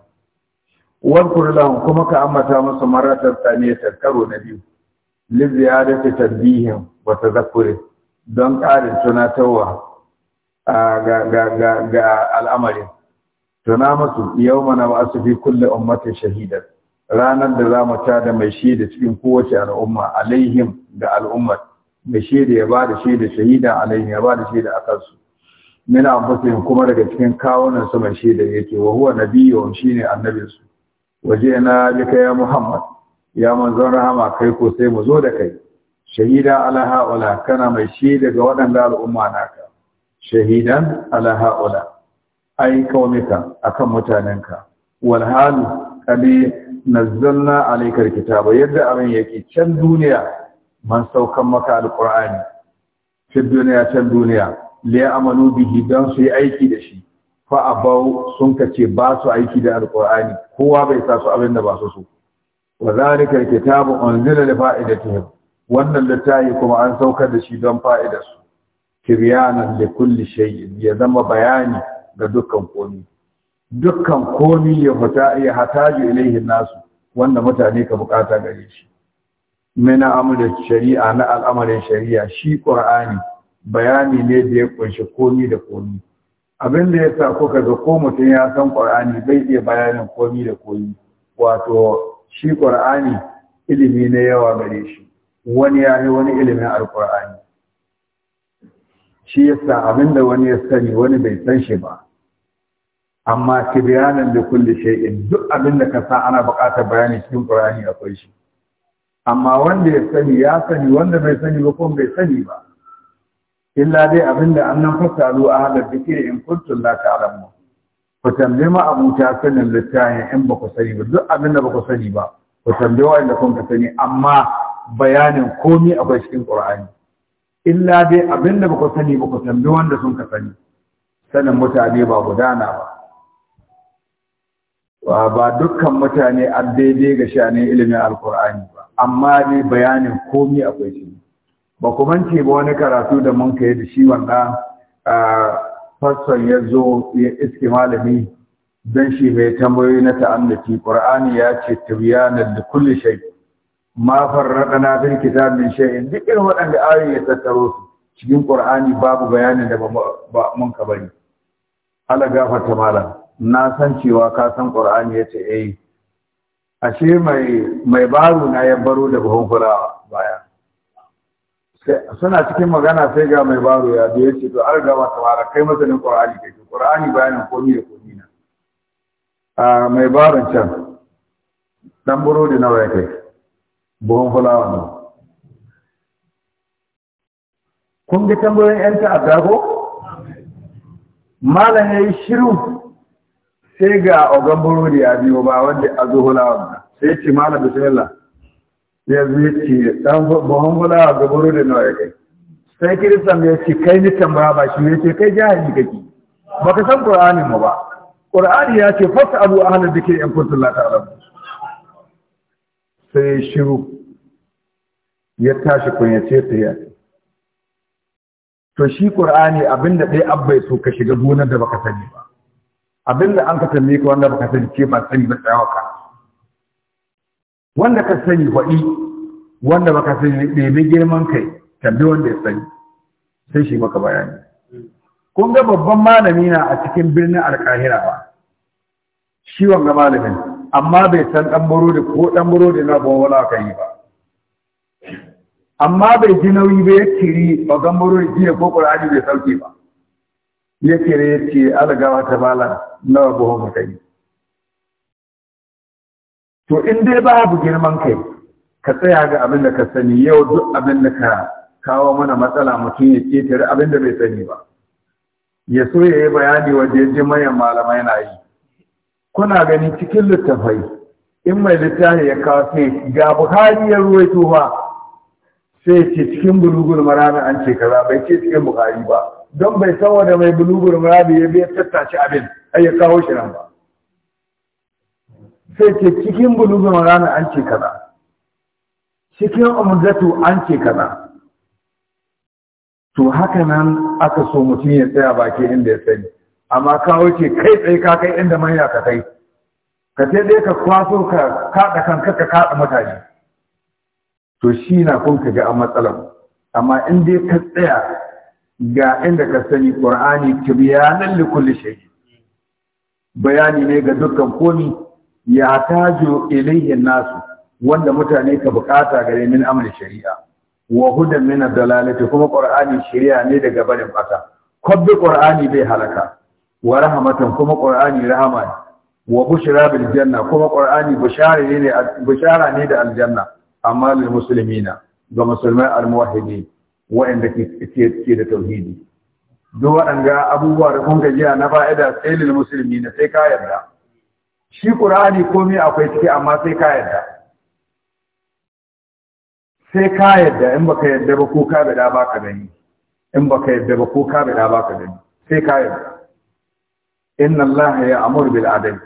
wal lahum kuma ka ammata musu maratar tsaniyatan karo na biyu li ziyadati tadbihim wa tadhakkuri don ƙarin tunatarwa ga ga ga al'amarin tuna yau mana na ba'su fi kulle ummatin shahidar ranar da za mu tada mai shaida cikin kowace al'umma alaihim da al'ummar mai shaida ya ba da shaida shahida alaihim ya ba da shaida a kansu min anfusihim kuma daga cikin kawunan su mai shaida yake wa huwa shi shine annabin su waje na bika ya muhammad ya manzon rahama kai ko sai mu zo da kai shahida ala haula kana mai shaida ga waɗanda al'umma naka shahidan ala haula ai kaumika akan mutanenka wal halu kadi nazzalna alayka alkitaba yadda abin yake can duniya man saukan maka alqur'ani can duniya can duniya li bihi dan su yi aiki da shi fa abau sun kace ba su aiki da alqur'ani kowa bai sa su abin da ba su so wa zalika alkitabu unzila li fa'idatihim wannan littafi kuma an saukar da shi don fa'idarsu kibyanan da kulli shay'in ya zama bayani ga dukkan komi dukkan komi ya fata ya hataju ilaihin nasu wanda mutane ka bukata gare shi mina amurin shari'a na al'amarin shari'a shi ƙur'ani bayani ne da ya kunshi komi da komi abin da ya sa kuka ga ko mutum ya san ƙur'ani bai iya bayanin komi da komi wato shi ƙur'ani ilimi na yawa gare shi wani ya yi wani ilimin alƙur'ani shi yasa abin da wani ya sani wani bai san shi ba amma tibyanan da kulle shay'in duk abin da ka sa ana buƙatar bayani cikin ƙur'ani akwai shi amma wanda ya sani ya sani wanda bai sani ba kuma bai sani ba illa dai abin da annan fasalu a halar zikiri in kuntum la mu. ku tambaye ma abuta sanin littafin in ba ku sani ba duk abin da ba ku sani ba ku tambaye wa'anda kun ka sani amma bayanin komi akwai cikin ƙur'ani illa dai abinda ba ku sani ba ku tambi wanda sun ka sani sanin mutane ba gudana ba ba dukkan mutane an daidai ga shanin ilimin alkur'ani ba amma ne bayanin komi akwai shi ba kuma ce ba wani karatu da mun kai da shi wanda fasson ya zo ya iske malami don shi mai tambayoyi na ta'amlaki qur'ani ya ce tibyanan da kulli shay ma na fil kitab min shay'in duk irin waɗanda ayoyi ya tattaro su cikin qur'ani babu bayanin da ba mun ka bari gafarta malam na san cewa ka san ce yace eh ashe mai mai baro na ya baro da buhun fulawa baya suna cikin magana sai ga mai baro ya da yace to an gaba mara kai masanin ƙur'ani kai ƙur'ani bayanin komi da komi na a mai baron can dan burodi nawa ya kai buhun fulawa ne kun ga tambayoyin yan ta'adda ko malam yayi shiru sai ga ogan burodi ya biyo ba wanda a zo hulawar da. sai ce malam bismillah ya zo ya ce dan buhun hulawa ga burodi na ya kai sai kiristan ya ce kai ni tambaya ba shi ya ce kai jahili kake ka san qur'anin mu ba qur'ani ya ce fasa abu a dhikri in kuntum la ta'lamun sai shiru ya tashi kunyace ta ya to shi qur'ani abinda dai abbai so ka shiga gonar da baka sani ba abinda an ka tambaye ka wanda baka sani ce ba sani ba tsayawa ka wanda ka sani waɗi wanda baka sani mai girman kai tambaye wanda ya sani sai shi maka bayani kun ga babban malami na a cikin birnin alkahira ba shi wanga malamin amma bai san ɗan burodi ko ɗan burodi na ba wala aka yi ba amma bai ji nauyi ba ya kiri babban burodi jiya ko ƙur'ani bai sauke ba ya kere ya ce alagawa ta bala nawa buhun hatari to in dai ba babu girman kai ka tsaya ga abin da ka sani yau duk abin da ka kawo mana matsala mutum ya ƙetare abin da bai sani ba ya so ya yi bayani waje ya ji malamai na yi kuna gani cikin littafai in mai littafi ya kawo sai ga buhari ya ruwaito ba sai ce cikin bulugul marana an ce kaza bai ce cikin buhari ba don bai san wanda mai bulugur murabi ya biya tattace abin ai ya kawo shi nan ba sai ce cikin bulugur murabi an ce kaza cikin umdatu an ce kaza to haka nan aka so mutum ya tsaya baki inda ya sani amma kawo ce kai tsaye ka kai inda manya ka kai ka sai dai ka kwaso ka kada kanka ka kada mutane to shi na kun ka ga a matsalar amma in dai ka tsaya ga inda ka sani ƙur'ani, tibyanan li kulli shay bayani ne ga dukkan komi ya tajo ilayhi nasu wanda mutane ka bukata gare min amal shari'a wa hudan min dalalati kuma ƙur'ani shari'a ne daga barin fata kabbi ƙur'ani bai halaka wa rahmatan kuma ƙur'ani rahama ne wa bushra bil janna kuma ƙur'ani bushara ne da aljanna amma lil muslimina ga musulmai al muwahhidin wa'anda ke da tauhidi duk waɗanda abubuwa da kun gajiya na fa'ida sai lil musulmi na sai ka yarda shi qur'ani komai akwai ciki amma sai ka yarda sai ka yarda in baka yarda ba ko ka bada ba ka gani in baka yarda ba ko ka bada ba ka gani sai ka yarda inna allaha ya'muru bil adl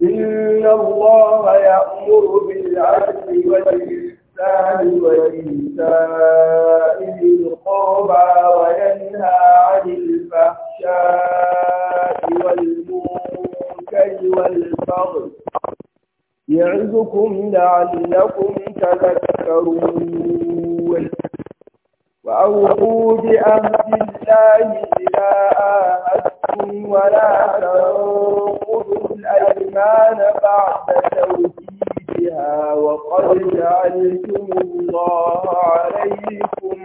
inna allaha ya'muru bil adli wal ihsan القرآن وإيتاء ذي القربى وينهى عن الفحشاء والمنكر والبغي يعظكم لعلكم تذكرون وأوفوا بأهد الله إذا آهدتم ولا تنقضوا الأيمان بعد توكيدها بها وقد جعلتم الله عليكم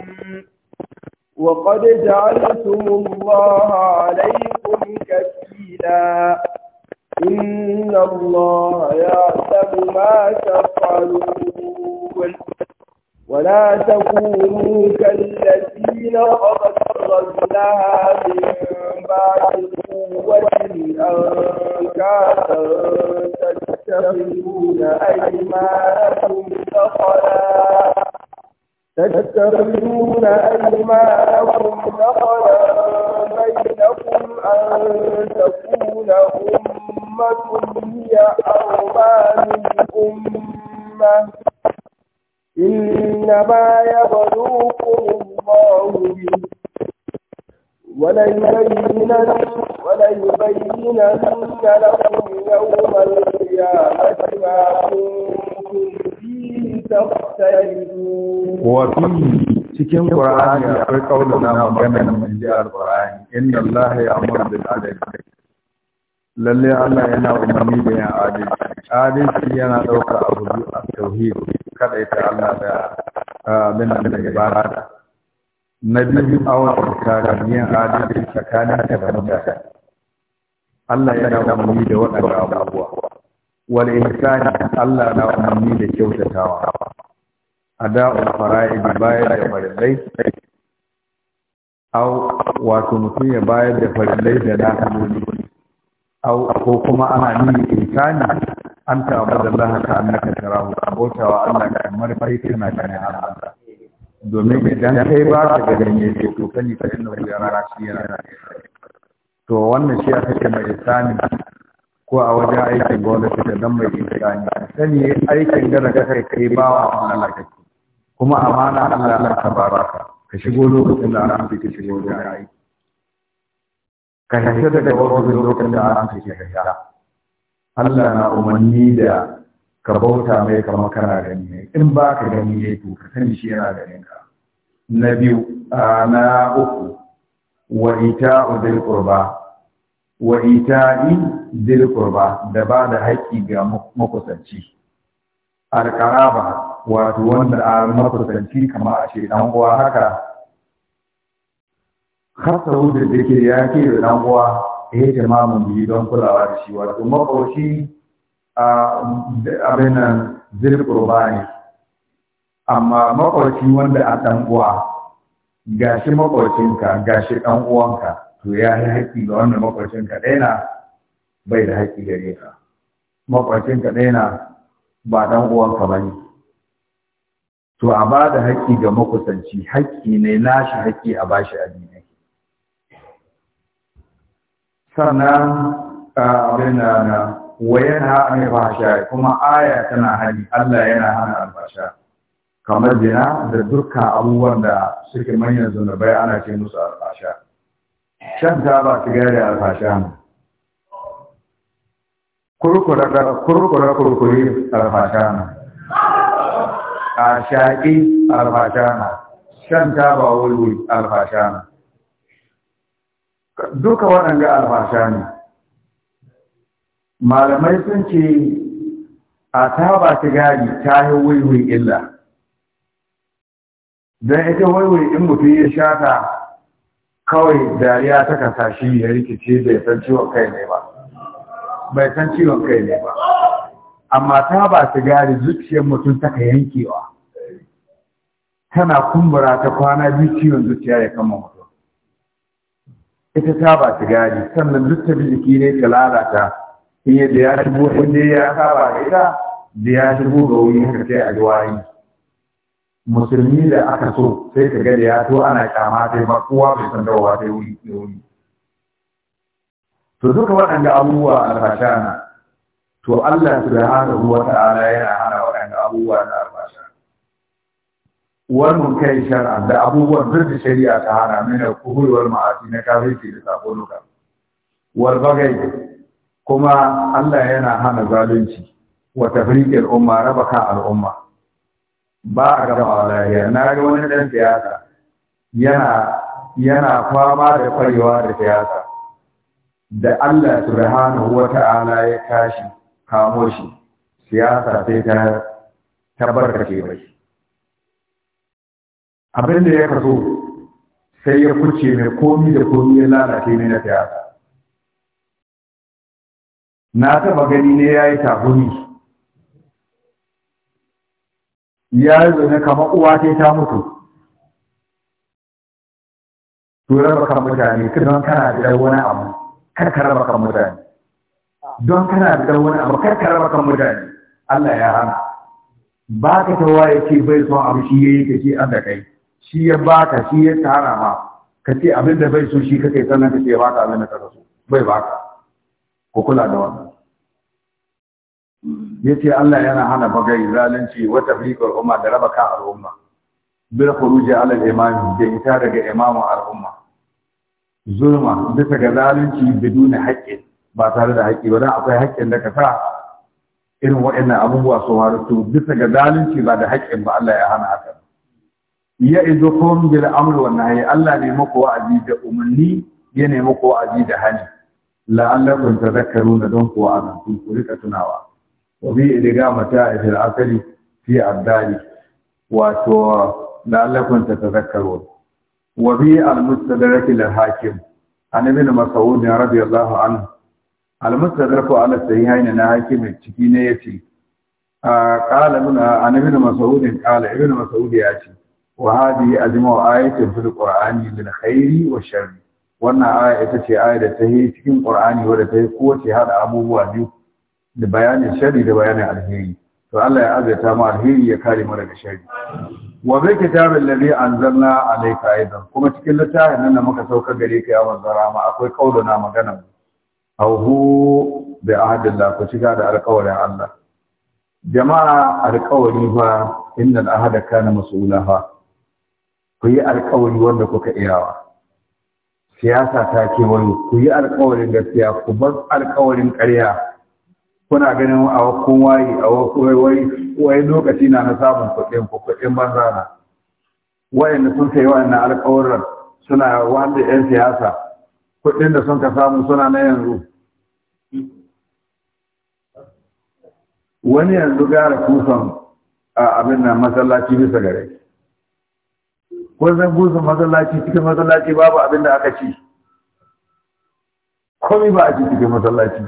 وقد جعلتم الله عليكم كفيلا إن الله يعلم ما تفعلون ولا تكونوا كالذين خرجت غزلها من بعد تتخذون أيمانكم دخلا بينكم أن تكون أمة هي أربى من أمة إنما يبلوكم الله به وليبينن وليبينن لكم يوم القيامة ما كنتم فيه تختلفون وفيه cikin Qur'ani akwai na magana mai ji al-Qur'ani inna Allah ya'muru bil adl lalle Allah yana umarni da yin adalci adalci yana ɗaukar abu biyu a tauhid kada ita Allah da abin da ibada na biyu awon tsakanin yin adalci tsakanin ka da ta. Allah yana umarni da waɗanda abubuwa Wani wal ihsani Allah na umarni da kyautatawa أداء fara'id بايد da أو au wato mutum ya bayar da farillai da nakaloli au ko kuma ana nuna insani an taɓa da Allah ka annaka abotawa Allah kamar domin idan kai ba ka ganin ne to kani ka inna shi yana to wannan shi aka ce mai ko a wajen aikin gwamnati da dan mai insani sani aikin da ka kai kai bawa Allah kake kuma amana Allah Allah ka bara ka shigo lokacin da an ka shigo da ai ka hita daga wasu lokacin da an fita hita Allah na umarni da ka bauta mai kama kana gani ne in ba ka gani ne to ka sani shi yana ganin ka na biyu na uku wa ita dil qurba wa ita'i dil qurba da ba da haƙƙi ga makusanci alƙaraba wato wanda a makusanci kama a ce ɗan uwa haka hasa da ke ya ke da ɗan uwa ya yi mu biyu don kulawa da shi wato makoshi a abin nan ba ne amma makoshi wanda a ɗan uwa ga shi makocinka ga shi ɗan uwanka to ya yi haƙi ga wannan makocinka ɗaya na bai da haƙi gare ka makocinka ɗaya na ba ɗan uwanka ba ne to a ba da haƙƙi ga makusanci haƙƙi ne nashi haƙƙi a bashi addinai sannan a abin na wa yana hana albasha kuma aya tana hani Allah yana hana albasha kamar jina da dukkan abubuwan da suke manyan zunubai ana ce musu albasha shan taba sigari albasha ne kurkura kurkuri alfashana a shaƙi alfashana shan taba wulwul alfashana duka waɗanda alfashana malamai sun ce a taba sigari ta yi wulwul illa don ita wulwul in mutum ya shata kawai dariya ta kasashe ya rikice da ya san ciwon kai ne ba bai san ciwon kai ne ba amma ta ba sigari zuciyar mutum ta ka yankewa tana kumbura ta kwana biyu ciwon zuciya ya kama mutum ita ta ba sigari sannan duk ta jiki ne ta lalata in da ya shigo inda ya saba da ita da ya shigo ga wuri haka sai a musulmi da aka so sai ka ga da ya to ana kyama sai ba kowa bai san dawowa sai wuri wuri to duka waɗanda abubuwa albasha na to Allah ruwa ta ala yana hana waɗanda abubuwa na albasha. wannan kai shar'a da abubuwan duk da shari'a ta hana mana kuhuri ma'afi ma'asi na kafirci da sabonuka wal bagai kuma Allah yana hana zalunci wa tafriqil umma raba kan al'umma ba a gaba lafiya na ga wani dan siyasa yana yana fama da kwarewa da siyasa da Allah subhanahu wa ta'ala ya tashi kamo shi siyasa sai ta tabbarkace bai abin da ya kaso sai ya kuce mai komi da komi ya lalace ne na siyasa na taba gani ne ya yi tahuni ya yi zane kama uwa ce ta mutu turar kan mutane kiran kana da wani abu kar ka raba kan mutane don kana da wani abu kar ka raba kan mutane Allah ya hana ba ka tawa ya ce bai son abu shi ya yi ka ce an da kai shi ya baka shi ya tara ma ka ce abin da bai so shi ka kai sannan ka ce ba ka abin da ka so bai baka ku kula da wannan ya ce Allah yana hana bagai zalunci wata fiƙar umma da raba kan al'umma bil khuruji ala al-imami da ita daga imamin al'umma zulma bisa ga zalunci biduna haƙƙi ba tare da haƙƙi ba dan akwai haƙƙin da ka sa irin waɗannan abubuwa su harutu bisa ga zalunci ba da haƙƙin ba Allah ya hana haka ya idukum bil amri wan nahyi Allah ne muku wa'azi da umarni ya ne muku wa'azi da hani la'allakum tadhakkaruna don ku wa'azi ku rika tunawa wa bi idgamata fil asali fi abdali wato la'allakum tatadhakkaruna wa bi al-mustadrak al-hakim an ibn mas'ud radiyallahu anhu al-mustadrak ala sahihayn na hakim ciki ne yace qala ibn an ibn mas'ud ya ce, mas'ud yace wa hadi ajma'u ayatin fil qur'ani lil khairi wa sharri wannan aya ita ce aya da tahi yi cikin qur'ani wadda ta yi kowace hada abubuwa biyu da bayanin shari da bayanin alheri to Allah ya azurta mu alheri ya kare mu daga sharri wa zai an zanna a alayka ka'idan kuma cikin littafin nan da muka sauka gare ka yawan zara ma akwai kauluna magana Hauhu da ahdillah ku shiga da alkawarin Allah jama'a alkawari fa inna ahada kana mas'ula fa ku yi alkawari wanda kuka iyawa siyasa ta wani ku yi alkawarin gaskiya ku bar alkawarin ƙarya kuna ganin a wakon waye a wakon lokaci na na samun kuɗin kuɗin banza na wayanda sun kai na alƙawarar suna wanda 'yan siyasa kuɗin da sun ka samu suna na yanzu wani yanzu gara kusan a abin nan masallaci bisa gare zan gusa masallaci cikin masallaci babu abin da aka ci komi ba a ci cikin masallaci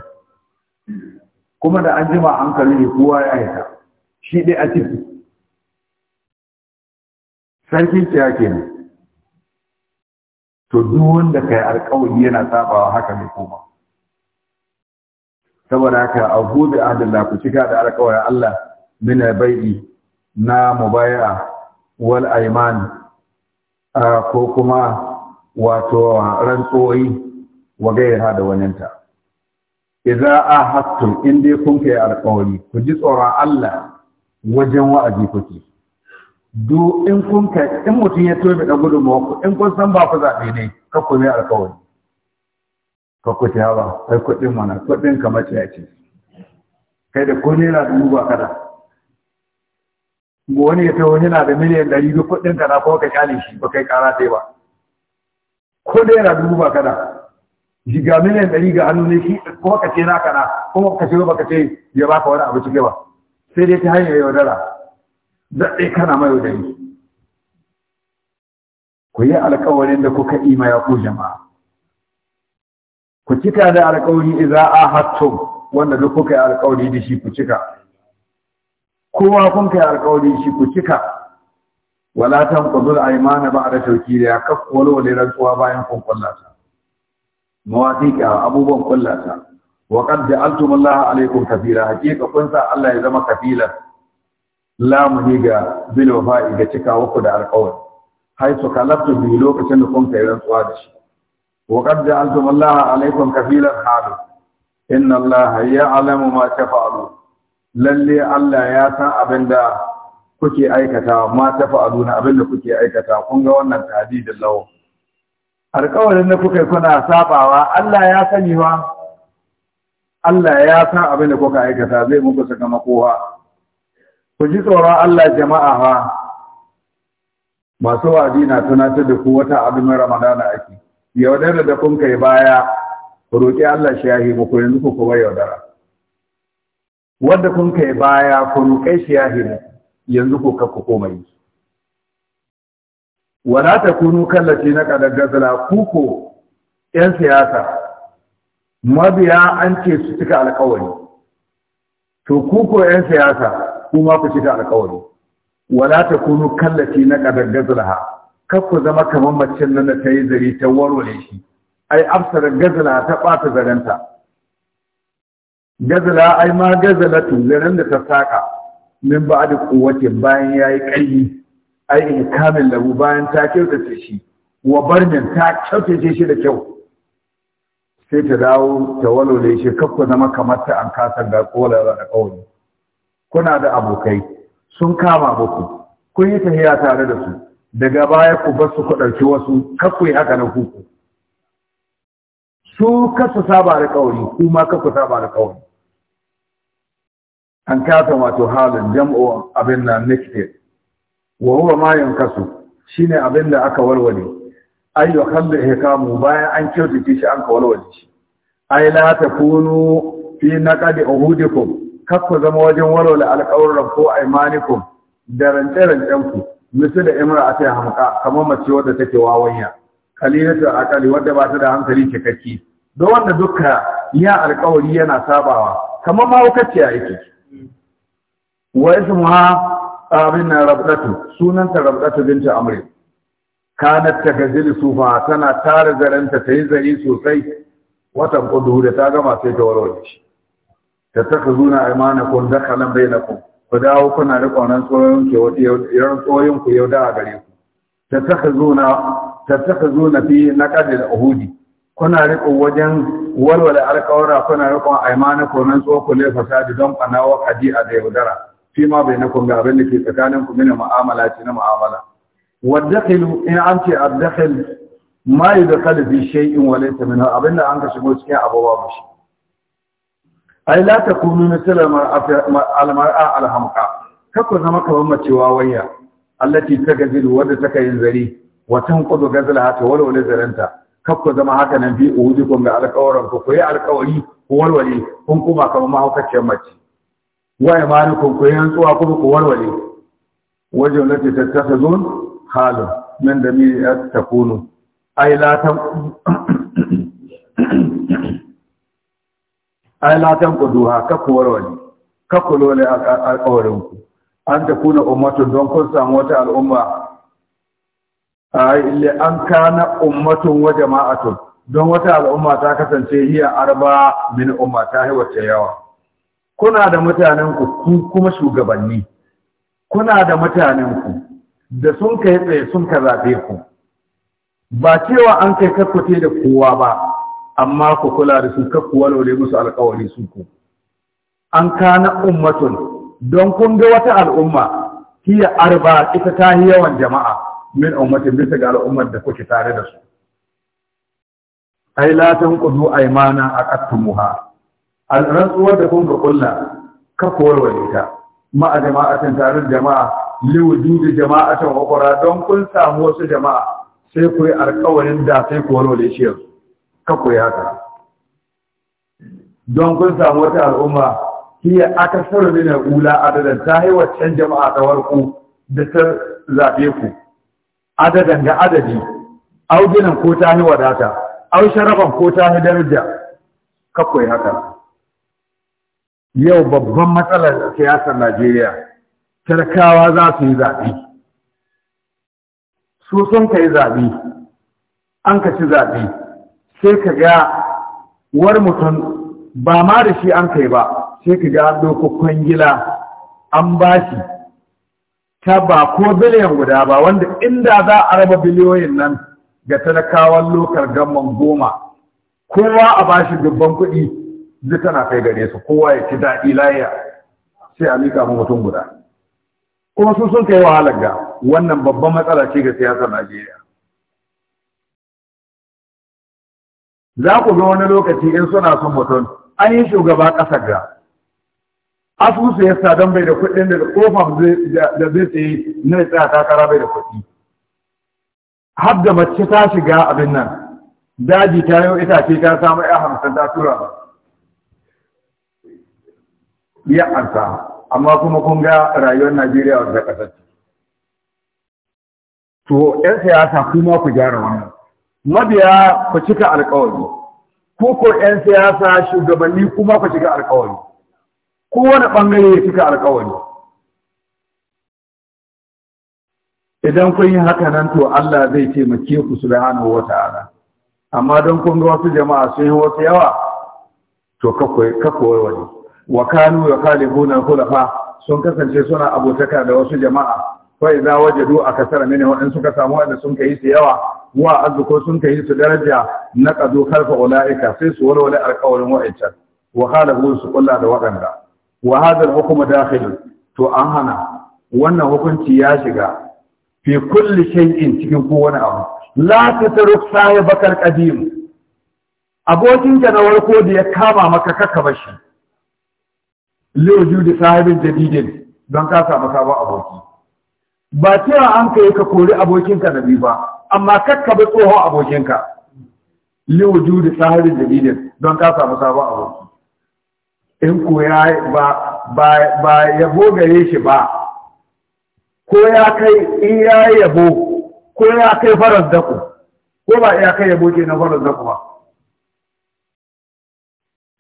kuma da an jima hankali ne kowa ya aika shi dai a ciki sarkin ciya ke ne to duk wanda kai alƙawari yana sabawa haka ne kuma saboda haka a gobe adalla ku cika da alƙawari Allah min bai'i na mubaya wal aiman ko kuma wato rantsoyi wa gaira da waninta idza ahadtum in dai kun kai alƙawari ku ji tsoron Allah wajen wa'azi kuke du in kun kai in mutum ya tobe da gudun ku in kun san ba ku zaɓe ne ka ku mai alƙawari ka ku ta ba kai kuɗin mana kuɗin kamar ciyaci kai da ko nera da duba kada wani ya tawo yana da miliyan ɗari duk kuɗin ka na ko ka kyale shi ba kai ƙara sai ba ko nera da duba kada shiga miliyan ɗari ga hannu ne shi kuma ka ce naka na kuma ka ce ba ka ce ya ba ka wani abu cike ba sai dai ta hanyar yaudara zaɗe kana mai yaudari ku yi alkawarin da kuka ima ya ku jama'a ku cika da alkawari a hatto wanda duk kuka yi alkawari da shi ku cika kowa kun kai alkawari shi ku cika wala da aymana ba'da tawkiliha ya wani liran tsuwa bayan kun kullata a abubuwan kullata wa qad ja'altum alaikun alaykum kafila hakika kun sa Allah ya zama kafila lamuni ga bil wafa'i ga cikawa ku da Hai su kalabtu biyu lokacin da kun kai rantsuwa da shi wa ƙadda ja'altum Allah alaykum halu inna Allah ya alamu ma fa'alu lalle Allah ya san abin da kuke aikata ma abin da kuke aikata kun ga wannan tahdidin lawa alƙawarin da kuka kuna sabawa Allah ya sani wa Allah ya san abin da kuka aikata zai muku saka makowa ku ji tsoron Allah jama'a ha masu wa'azi na tunatar da ku wata abin Ramadana ake yaudara da kun kai baya roƙi Allah shi yahi muku yanzu ku kuma yaudara wanda kun kai baya ku roƙe shi yahi yanzu ku kakku komai wala ta kunu kallace na kadar kuko 'yan siyasa mabiya an ce su cika alkawari to kuko 'yan siyasa kuma ku cika alkawari wala ta kunu kallace na kadar gazalaha kar ku zama kamar macen nan da ta yi zari ta warware shi ai afsar gazala ta ɓata zaranta, gazala ai ma gazalatu zaren da ta saka min ba da kowace bayan ya yi ƙayyi. ai in kamin labu bayan ta kyautace shi wa barnin ta kyautace shi da kyau sai ta dawo ta walwale shi kakku zama kamar ta an kasar da kola da kauli kuna da abokai sun kama muku kun yi tahiya tare da su daga baya ku bar su ku ɗauki wasu kakku yi haka na kuku su kasu saba da ku kuma kakku saba da kauli an kasa wato halin jam'o abin nan naked wa huwa ma yankasu shine abin da aka warware ay yuhallu mu bayan an kyautata shi an ka warware shi ay la takunu fi naqadi uhudikum kakku zama wajen warware alqawran ko aymanikum da rance-rancen ku misu da imra a sai hamka kamar mace wadda take wawanya kalilatu akali wadda ba ta da hankali ke kake do wanda dukka ya alƙawari yana sabawa kamar ma wukaciya yake wa ismuha abin na rabdatu sunanta rabdatu binta amri kanat ta gajil sufa tana tara zaranta ta yi zari sosai watan kudu da ta gama sai ta warware shi ta taka zuna imana kun bai na ku dawo kuna da kwanan tsoyon tsoyon ku yau da a gare ku ta taka zuna ta taka zuna fi na da uhudi kuna riƙon wajen walwala alƙawara kuna riƙon a imana kunan ku ne fasadi don ɓanawa kadi a da yaudara fi ma bai na ga abin da ke tsakanin ku mina ma'amala ce na mu'amala waddakhilu in an ce addakhil ma yudkhalu fi shay'in wa laysa minhu abin da an ka shigo cikin abawa mushi ai la takunu mithla al-mar'a al-hamqa kako zama kamar mace wawayya allati takazilu wadda take yin zari wa tanqudu gazlaha ta walwala zaranta kako zama haka nan bi ujukum ga alƙawarin ku ku yi alƙawari ku walwale kun kuma kamar mahaukaciyar mace waye malikun ku tsuwa kuma ku warware wajen lati zon halu min da mi takunu ai la ta ai la ta duha ka ku warware ka ku lole kawarin ku an ta kuna ummatun don kun samu wata al'umma ai an kana ummatun wa jama'atun don wata al'umma ta kasance hiya arba min umma ta yawa kuna da mutanenku ku kuma shugabanni kuna da mutanenku da sun kai tsaye sun ka zaɓe ku ba cewa an kai kakkwate da kowa ba amma ku kula da su kakku walwale musu alkawari su ku an kana ummatun don kun ga wata al'umma hiya arba ita ta yi yawan jama'a min ummatin bisa ga al'ummar da kuke tare da su ai la tanqudu aymana aqattumuha a rantsuwar da kun ka kulla ka ne ta a jama'atin tare da jama'a liwudu da jama'atin hukura don kun samu wasu jama'a sai ku yi alkawarin da sai ku warware shi yanzu ka ku haka don kun samu wata al'umma hiya aka sarar na ula adadin ta yi waccan jama'a ta warku da ta zaɓe ku adadin ga adadi auginan ko ta yi wadata au sharafan ko ta yi daraja ka ku haka yau babban matsalar siyasar Najeriya tarkawa za su yi zaɓe su sun ka yi zaɓe an ka ci zaɓe sai ka ga war mutum ba ma da shi an kai ba sai ka ga dokokon gila an ba shi ta ba ko biliyan guda ba wanda inda za a raba biliyoyin nan ga talakawan lokar gamman goma kowa a ba shi dubban kuɗi duk tana kai gare su kowa ya ci daɗi layya sai a mika mu mutum guda kuma su sun kai wahalar ga wannan babban matsala ce ga siyasar Najeriya za ku ga wani lokaci in suna son mutum an yi shugaba ƙasar ga asusu ya sa don bai da kuɗin da kofar da zai tsaye na tsaya takara bai da kuɗi har da mace ta shiga abin nan daji ta yau itace ta samu ya hamsin ta tura ba ya ansa amma kuma kun ga rayuwar Najeriya wanda kasar to ƴan siyasa kuma ku gyara wannan mabiya ku cika alƙawari ko ko ƴan siyasa shugabanni kuma ku cika alƙawari kowane ɓangare ya cika alƙawari idan kun yi haka nan to Allah zai taimake ku subhanahu ta'ala amma don kun ga wasu jama'a sun yi wasu yawa to kakwai kakwai wani wa kanu yakhalifuna sun kasance suna abotaka da wasu jama'a fa idza wajadu kasar min wa suka samu wanda sun kai su yawa wa azko sun kai su daraja naqadu khalfa ulaika sai su walwala alqawlin wa'ita wa khalafu su kullu da wadanda wa hadha al dakhil to an hana wannan hukunci ya shiga fi kulli shay'in cikin kowane abu la tatruk sahibakal qadim abokin ka na warko da ya kama maka kaka bashi liwaju da sahibin jadidin don ka samu sabon aboki ba cewa an kai ka kori abokinka na biyu ba amma kakka bi tsohon abokinka liwaju da sahibin jadidin don ka samu sabon aboki in ko ya ba yabo gare shi ba ko ya kai in ya yabo ko ya kai faras daku ko ba ya kai yabo ke na faras daku ba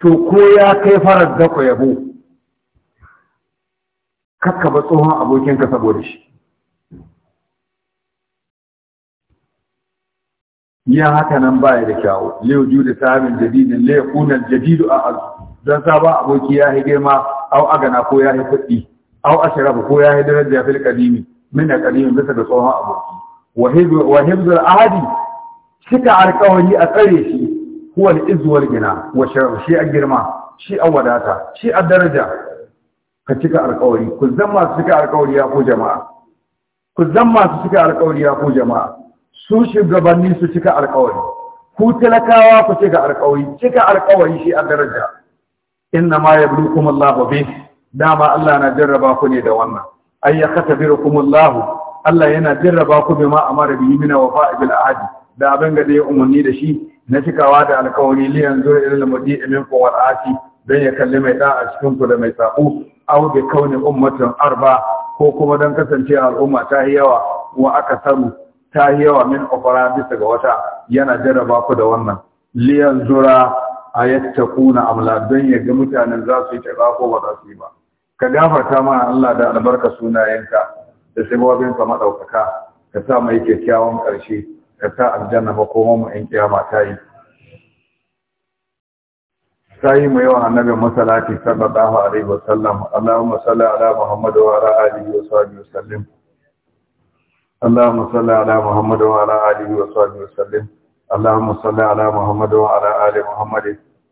to ko ya kai faras daku yabo kakka ba tsohon abokinka saboda shi ya haka nan baya da kyawu leo jude samun jadidin leo kunan jadidu a azu don sabon aboki ya yi girma au agana ko ya yi kuɗi au ashirar, ko ya yi daraja fi kadimi min kadimi bisa da tsohon aboki wa hibzul ahadi cika alkawari a tsare shi huwa izuwar gina wa shi a girma shi a wadata shi a daraja ka cika alƙawari ku zan masu cika alƙawari ya ko jama'a ku zan masu cika alƙawari ya ko jama'a su shugabanni su cika alƙawari ku talakawa ku cika alƙawari cika alƙawari shi a daraja inna ma yablukum Allah bi dama Allah na jarraba ku ne da wannan ay yakhtabirukum Allah Allah yana jarraba ku bima amara bihi mina wafa'i bil ahadi da abin ga ya umarni da shi na cikawa da alƙawari li yanzu ila al min minkum don ya kalli mai da'a cikin ku da mai saƙo au bi kauni ummatin arba ko kuma don kasance al'umma ta yi yawa wa aka saru ta yi yawa min ofara bisa ga wata yana jaraba ku da wannan liyan zura a yadda kuna amla don ya ga mutanen za su yi ta ko ba za su yi ba ka gafarta ma Allah da albarka sunayenka da ka maɗaukaka ka sa mai kyakkyawan ƙarshe ka sa aljanna makomanmu in kiyama ta yi sai mu yawa annabi masalati sallallahu alaihi wa sallam. Allahumma salli ala Muhammad wa ala alihi wa sahbihi wasallim Allahumma salli ala Muhammad wa ala alihi wa sahbihi wasallim Allahumma salli ala Muhammad wa ala ali Muhammad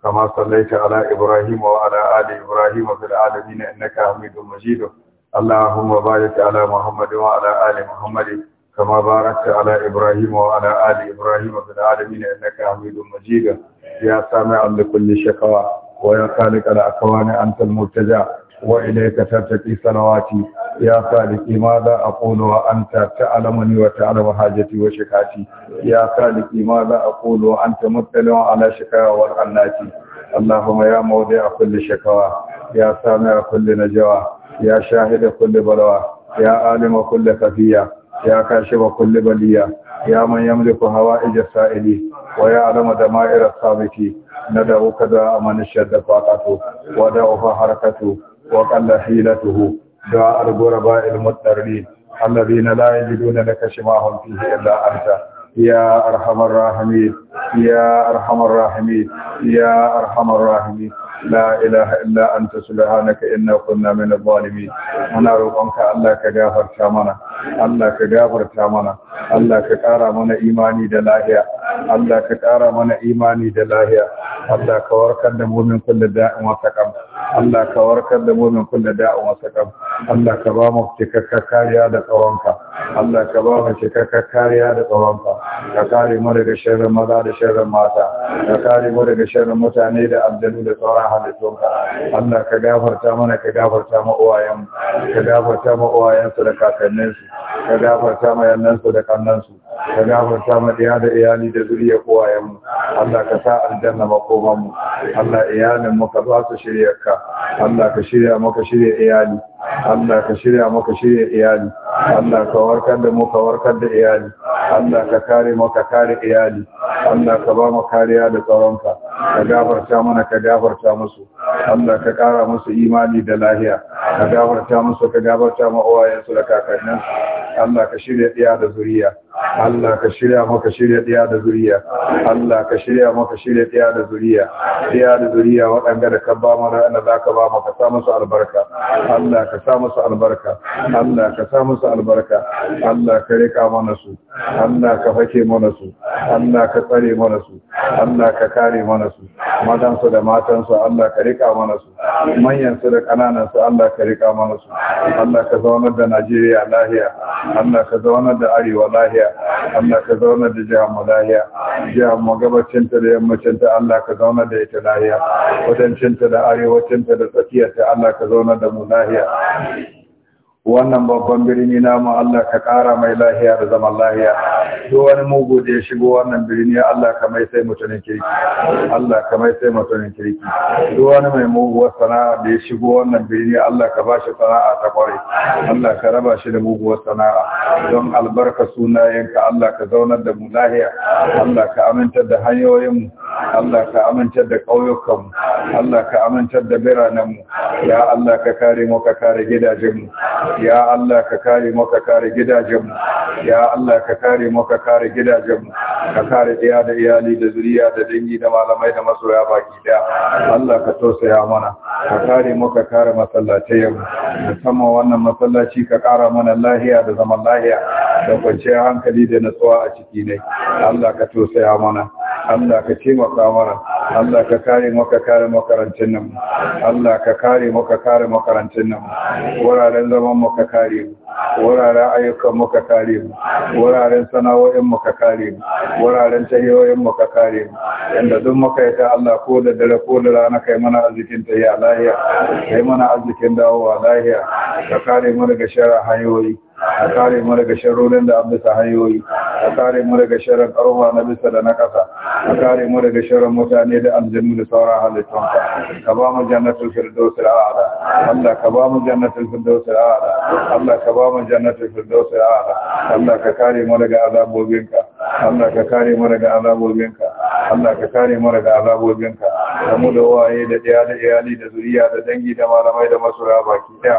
kama sallaita ala Ibrahim wa ala ali Ibrahim fil alamin innaka Hamidum Majid Allahumma barik ala Muhammad wa ala ali Muhammad كما باركت على إبراهيم وعلى آل إبراهيم في العالمين إنك حميد مجيد يا سامع لكل شكوى ويا خالق الأكوان أنت المرتجى وإليك ترتقي صلواتي يا خالقي ماذا أقول وأنت تعلمني وتعلم حاجتي وشكاتي يا خالقي ماذا أقول وأنت مطلع على شكاوى والعناتي اللهم يا موضع كل شكوى يا سامع كل نجوى يا شاهد كل بلوى يا عالم كل خفيه ya kashe wa kulli baliya ya man yamliku hawa'ij as-sa'ili wa ya'lamu dama'ir as-sabiki nadahu kadha aman ash-shadda faqatu wa da'u fa harakatu wa qalla hilatuhu da'a al-ghuraba al-muttarri alladhina la yajiduna laka shimahum fihi illa anta ya arhamar rahimin ya arhamar rahimin ya arhamar rahimin لا إله إلا أنت سبحانك إنا كنا من الظالمين أنا روحك الله كجافر تامنا الله كجافر تامنا الله كقارا من إيماني دلاهيا الله كقارا من إيماني دلاهيا الله كوركن من كل داء وسقم Allah ka warkar da mu min kulli da'in wa sakam Allah ka ba mu cikakken kariya da tsaronka Allah ka ba mu cikakken kariya da tsaronka ka kare mu daga sharrin maza da sharrin mata ka kare mu daga sharrin mutane da aljanu da sauran halittunka Allah ka gafarta mana ka gafarta mu uwayen ka gafarta mu uwayen su da kakannin su ka gafarta mu yannan su da kannan su ka gafarta mu da da iyali da zuriya kowayen mu Allah ka sa aljanna makoman mu Allah iyalin mu ka ba su shirya Allah ka shirya maka shirya iyali Allah ka shirya maka shirya iyali Allah ka warkar da mu ka warkar da iyali Allah ka kare mu ka kare iyali Allah ka ba mu kariya da tsaronka ka gafarta mana ka gafarta musu Allah ka kara musu imani da lahiya ka gafarta musu ka gafarta ma uwayensu da kakanninsu Allah ka shirya ɗiya da zuriya Allah ka shirya maka shirya ɗiya da zuriya Allah ka shirya maka shirya ɗiya da zuriya ɗiya da zuriya waɗanda da ka ba mana da za ka ba ka sa musu albarka Allah ka sa musu albarka Allah ka sa musu albarka Allah ka rika mana su Allah ka fake mana su Allah ka tsare mana su Allah ka kare mana su matan su da matan su Allah ka rika mana su manyan su da kananan su Allah ka rika mana su Allah ka zaunar da Najeriya lahiya Allah ka zauna da arewa lahiya Allah ka zauna da jihar mu lahiya jihar mu gabacin ta da yammacin ta Allah ka zauna da ita lahiya wadancin ta da arewacin ta da tsakiyar ta Allah ka zauna da mu lahiya wannan babban birni namu Allah ka ƙara mai lahiya da zaman lahiya duk wani mugu da ya shigo wannan birni Allah ka mai sai mutumin kirki Allah ka mai sai mutumin kirki duk wani mai muguwar sana'a da ya shigo wannan birni Allah ka bashi sana'a ta kwarai Allah ka raba shi da muguwar sana'a don albarka sunayenka Allah ka zaunar da mu lahiya Allah ka amintar da hanyoyinmu Allah ka amintar da ƙauyukanmu Allah ka amintar da biranenmu ya Allah ka kare mu ka kare gidajenmu ya Allah ka kare mu ka kare gidajenmu ya Allah ka kare mu ka kare gidajenmu ka kare iya da iyali da zuriya da dangi da malamai da masoya baki daya Allah ka tausaya mana ka kare mu ka kare masallatayenmu musamman wannan masallaci ka kara mana lahiya da zaman lahiya da kwanciyar hankali da natsuwa a ciki ne Allah ka tausaya mana Allah ka taimaka mana Allah ka kare maka kare makarantun nan Allah ka kare maka kare makarantun nan wuraren zaman maka kare mu wuraren ayyukan muka kare mu wuraren sana'o'in muka kare mu wuraren tahiyoyin muka kare mu yanda duk muka yi ta Allah ko da dare ko da rana kai mana arzikin tahiya lahiya kai mana arzikin dawowa lahiya ka kare mu daga sharar hanyoyi ka kare mu daga sharorin da an bisa hanyoyi ka kare mu daga sharar karuwa na bisa da na kasa ka kare mu daga sharar mutane da aljanu da sauran halittun ka ba mu jannatul firdaus al'ala Allah ka ba mu jannatul firdaus al'ala Allah ka ba ba mu jannatul firdaus ya Allah ka kare mu daga azabobinka Allah ka kare mu daga azabobinka Allah ka kare mu daga azabobinka da mu da waye da ɗaya da iyali da zuriya da dangi da malamai da masura baki ɗaya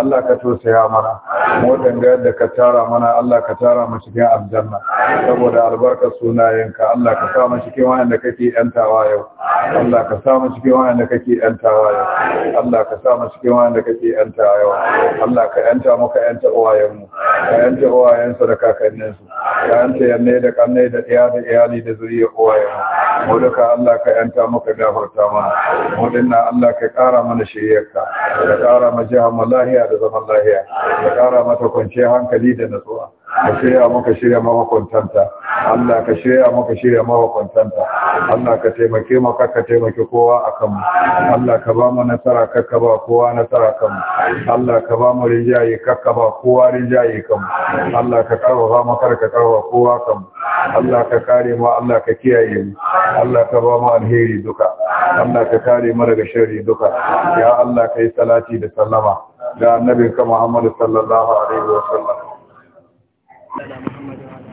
Allah ka tosaya mana Mu danga da ka tara mana Allah ka tara mu cikin aljanna saboda albarkar sunayenka Allah ka sa mu cikin wanda kake yantawa yau Allah ka sa mu cikin wanda kake yantawa yau Allah ka sa mu cikin wanda kake yantawa yau Allah ka yanta muka yanta uwayenmu ka yanta uwayensu da kakanninsu ka yanta yanne da kanne da ɗaya da iyali da zuriya uwayenmu mu duka Allah ka yanta muka gafarta mana mu dinna Allah ka ƙara mana shiryarka ka ƙara ma jihar mu lahiya da zaman lahiya ka kara mata kwanciyar hankali da natsuwa ka shirya maka shirya mawakwantanta Allah ka shirya maka shirya mawakwantanta Allah ka taimake maka ka taimake kowa a kanmu Allah ka ba mu nasara kakka ba kowa nasara kanmu Allah ka ba mu rinjaye kakka ba kowa rinjaye kanmu Allah ka ba maka ka karfafa kowa kanmu Allah ka kare mu Allah ka kiyaye mu Allah ka ba mu alheri duka Allah ka kare mu daga sharri duka ya Allah kai salati da sallama ga annabinka Muhammad sallallahu alaihi wa sallam على محمد وعلى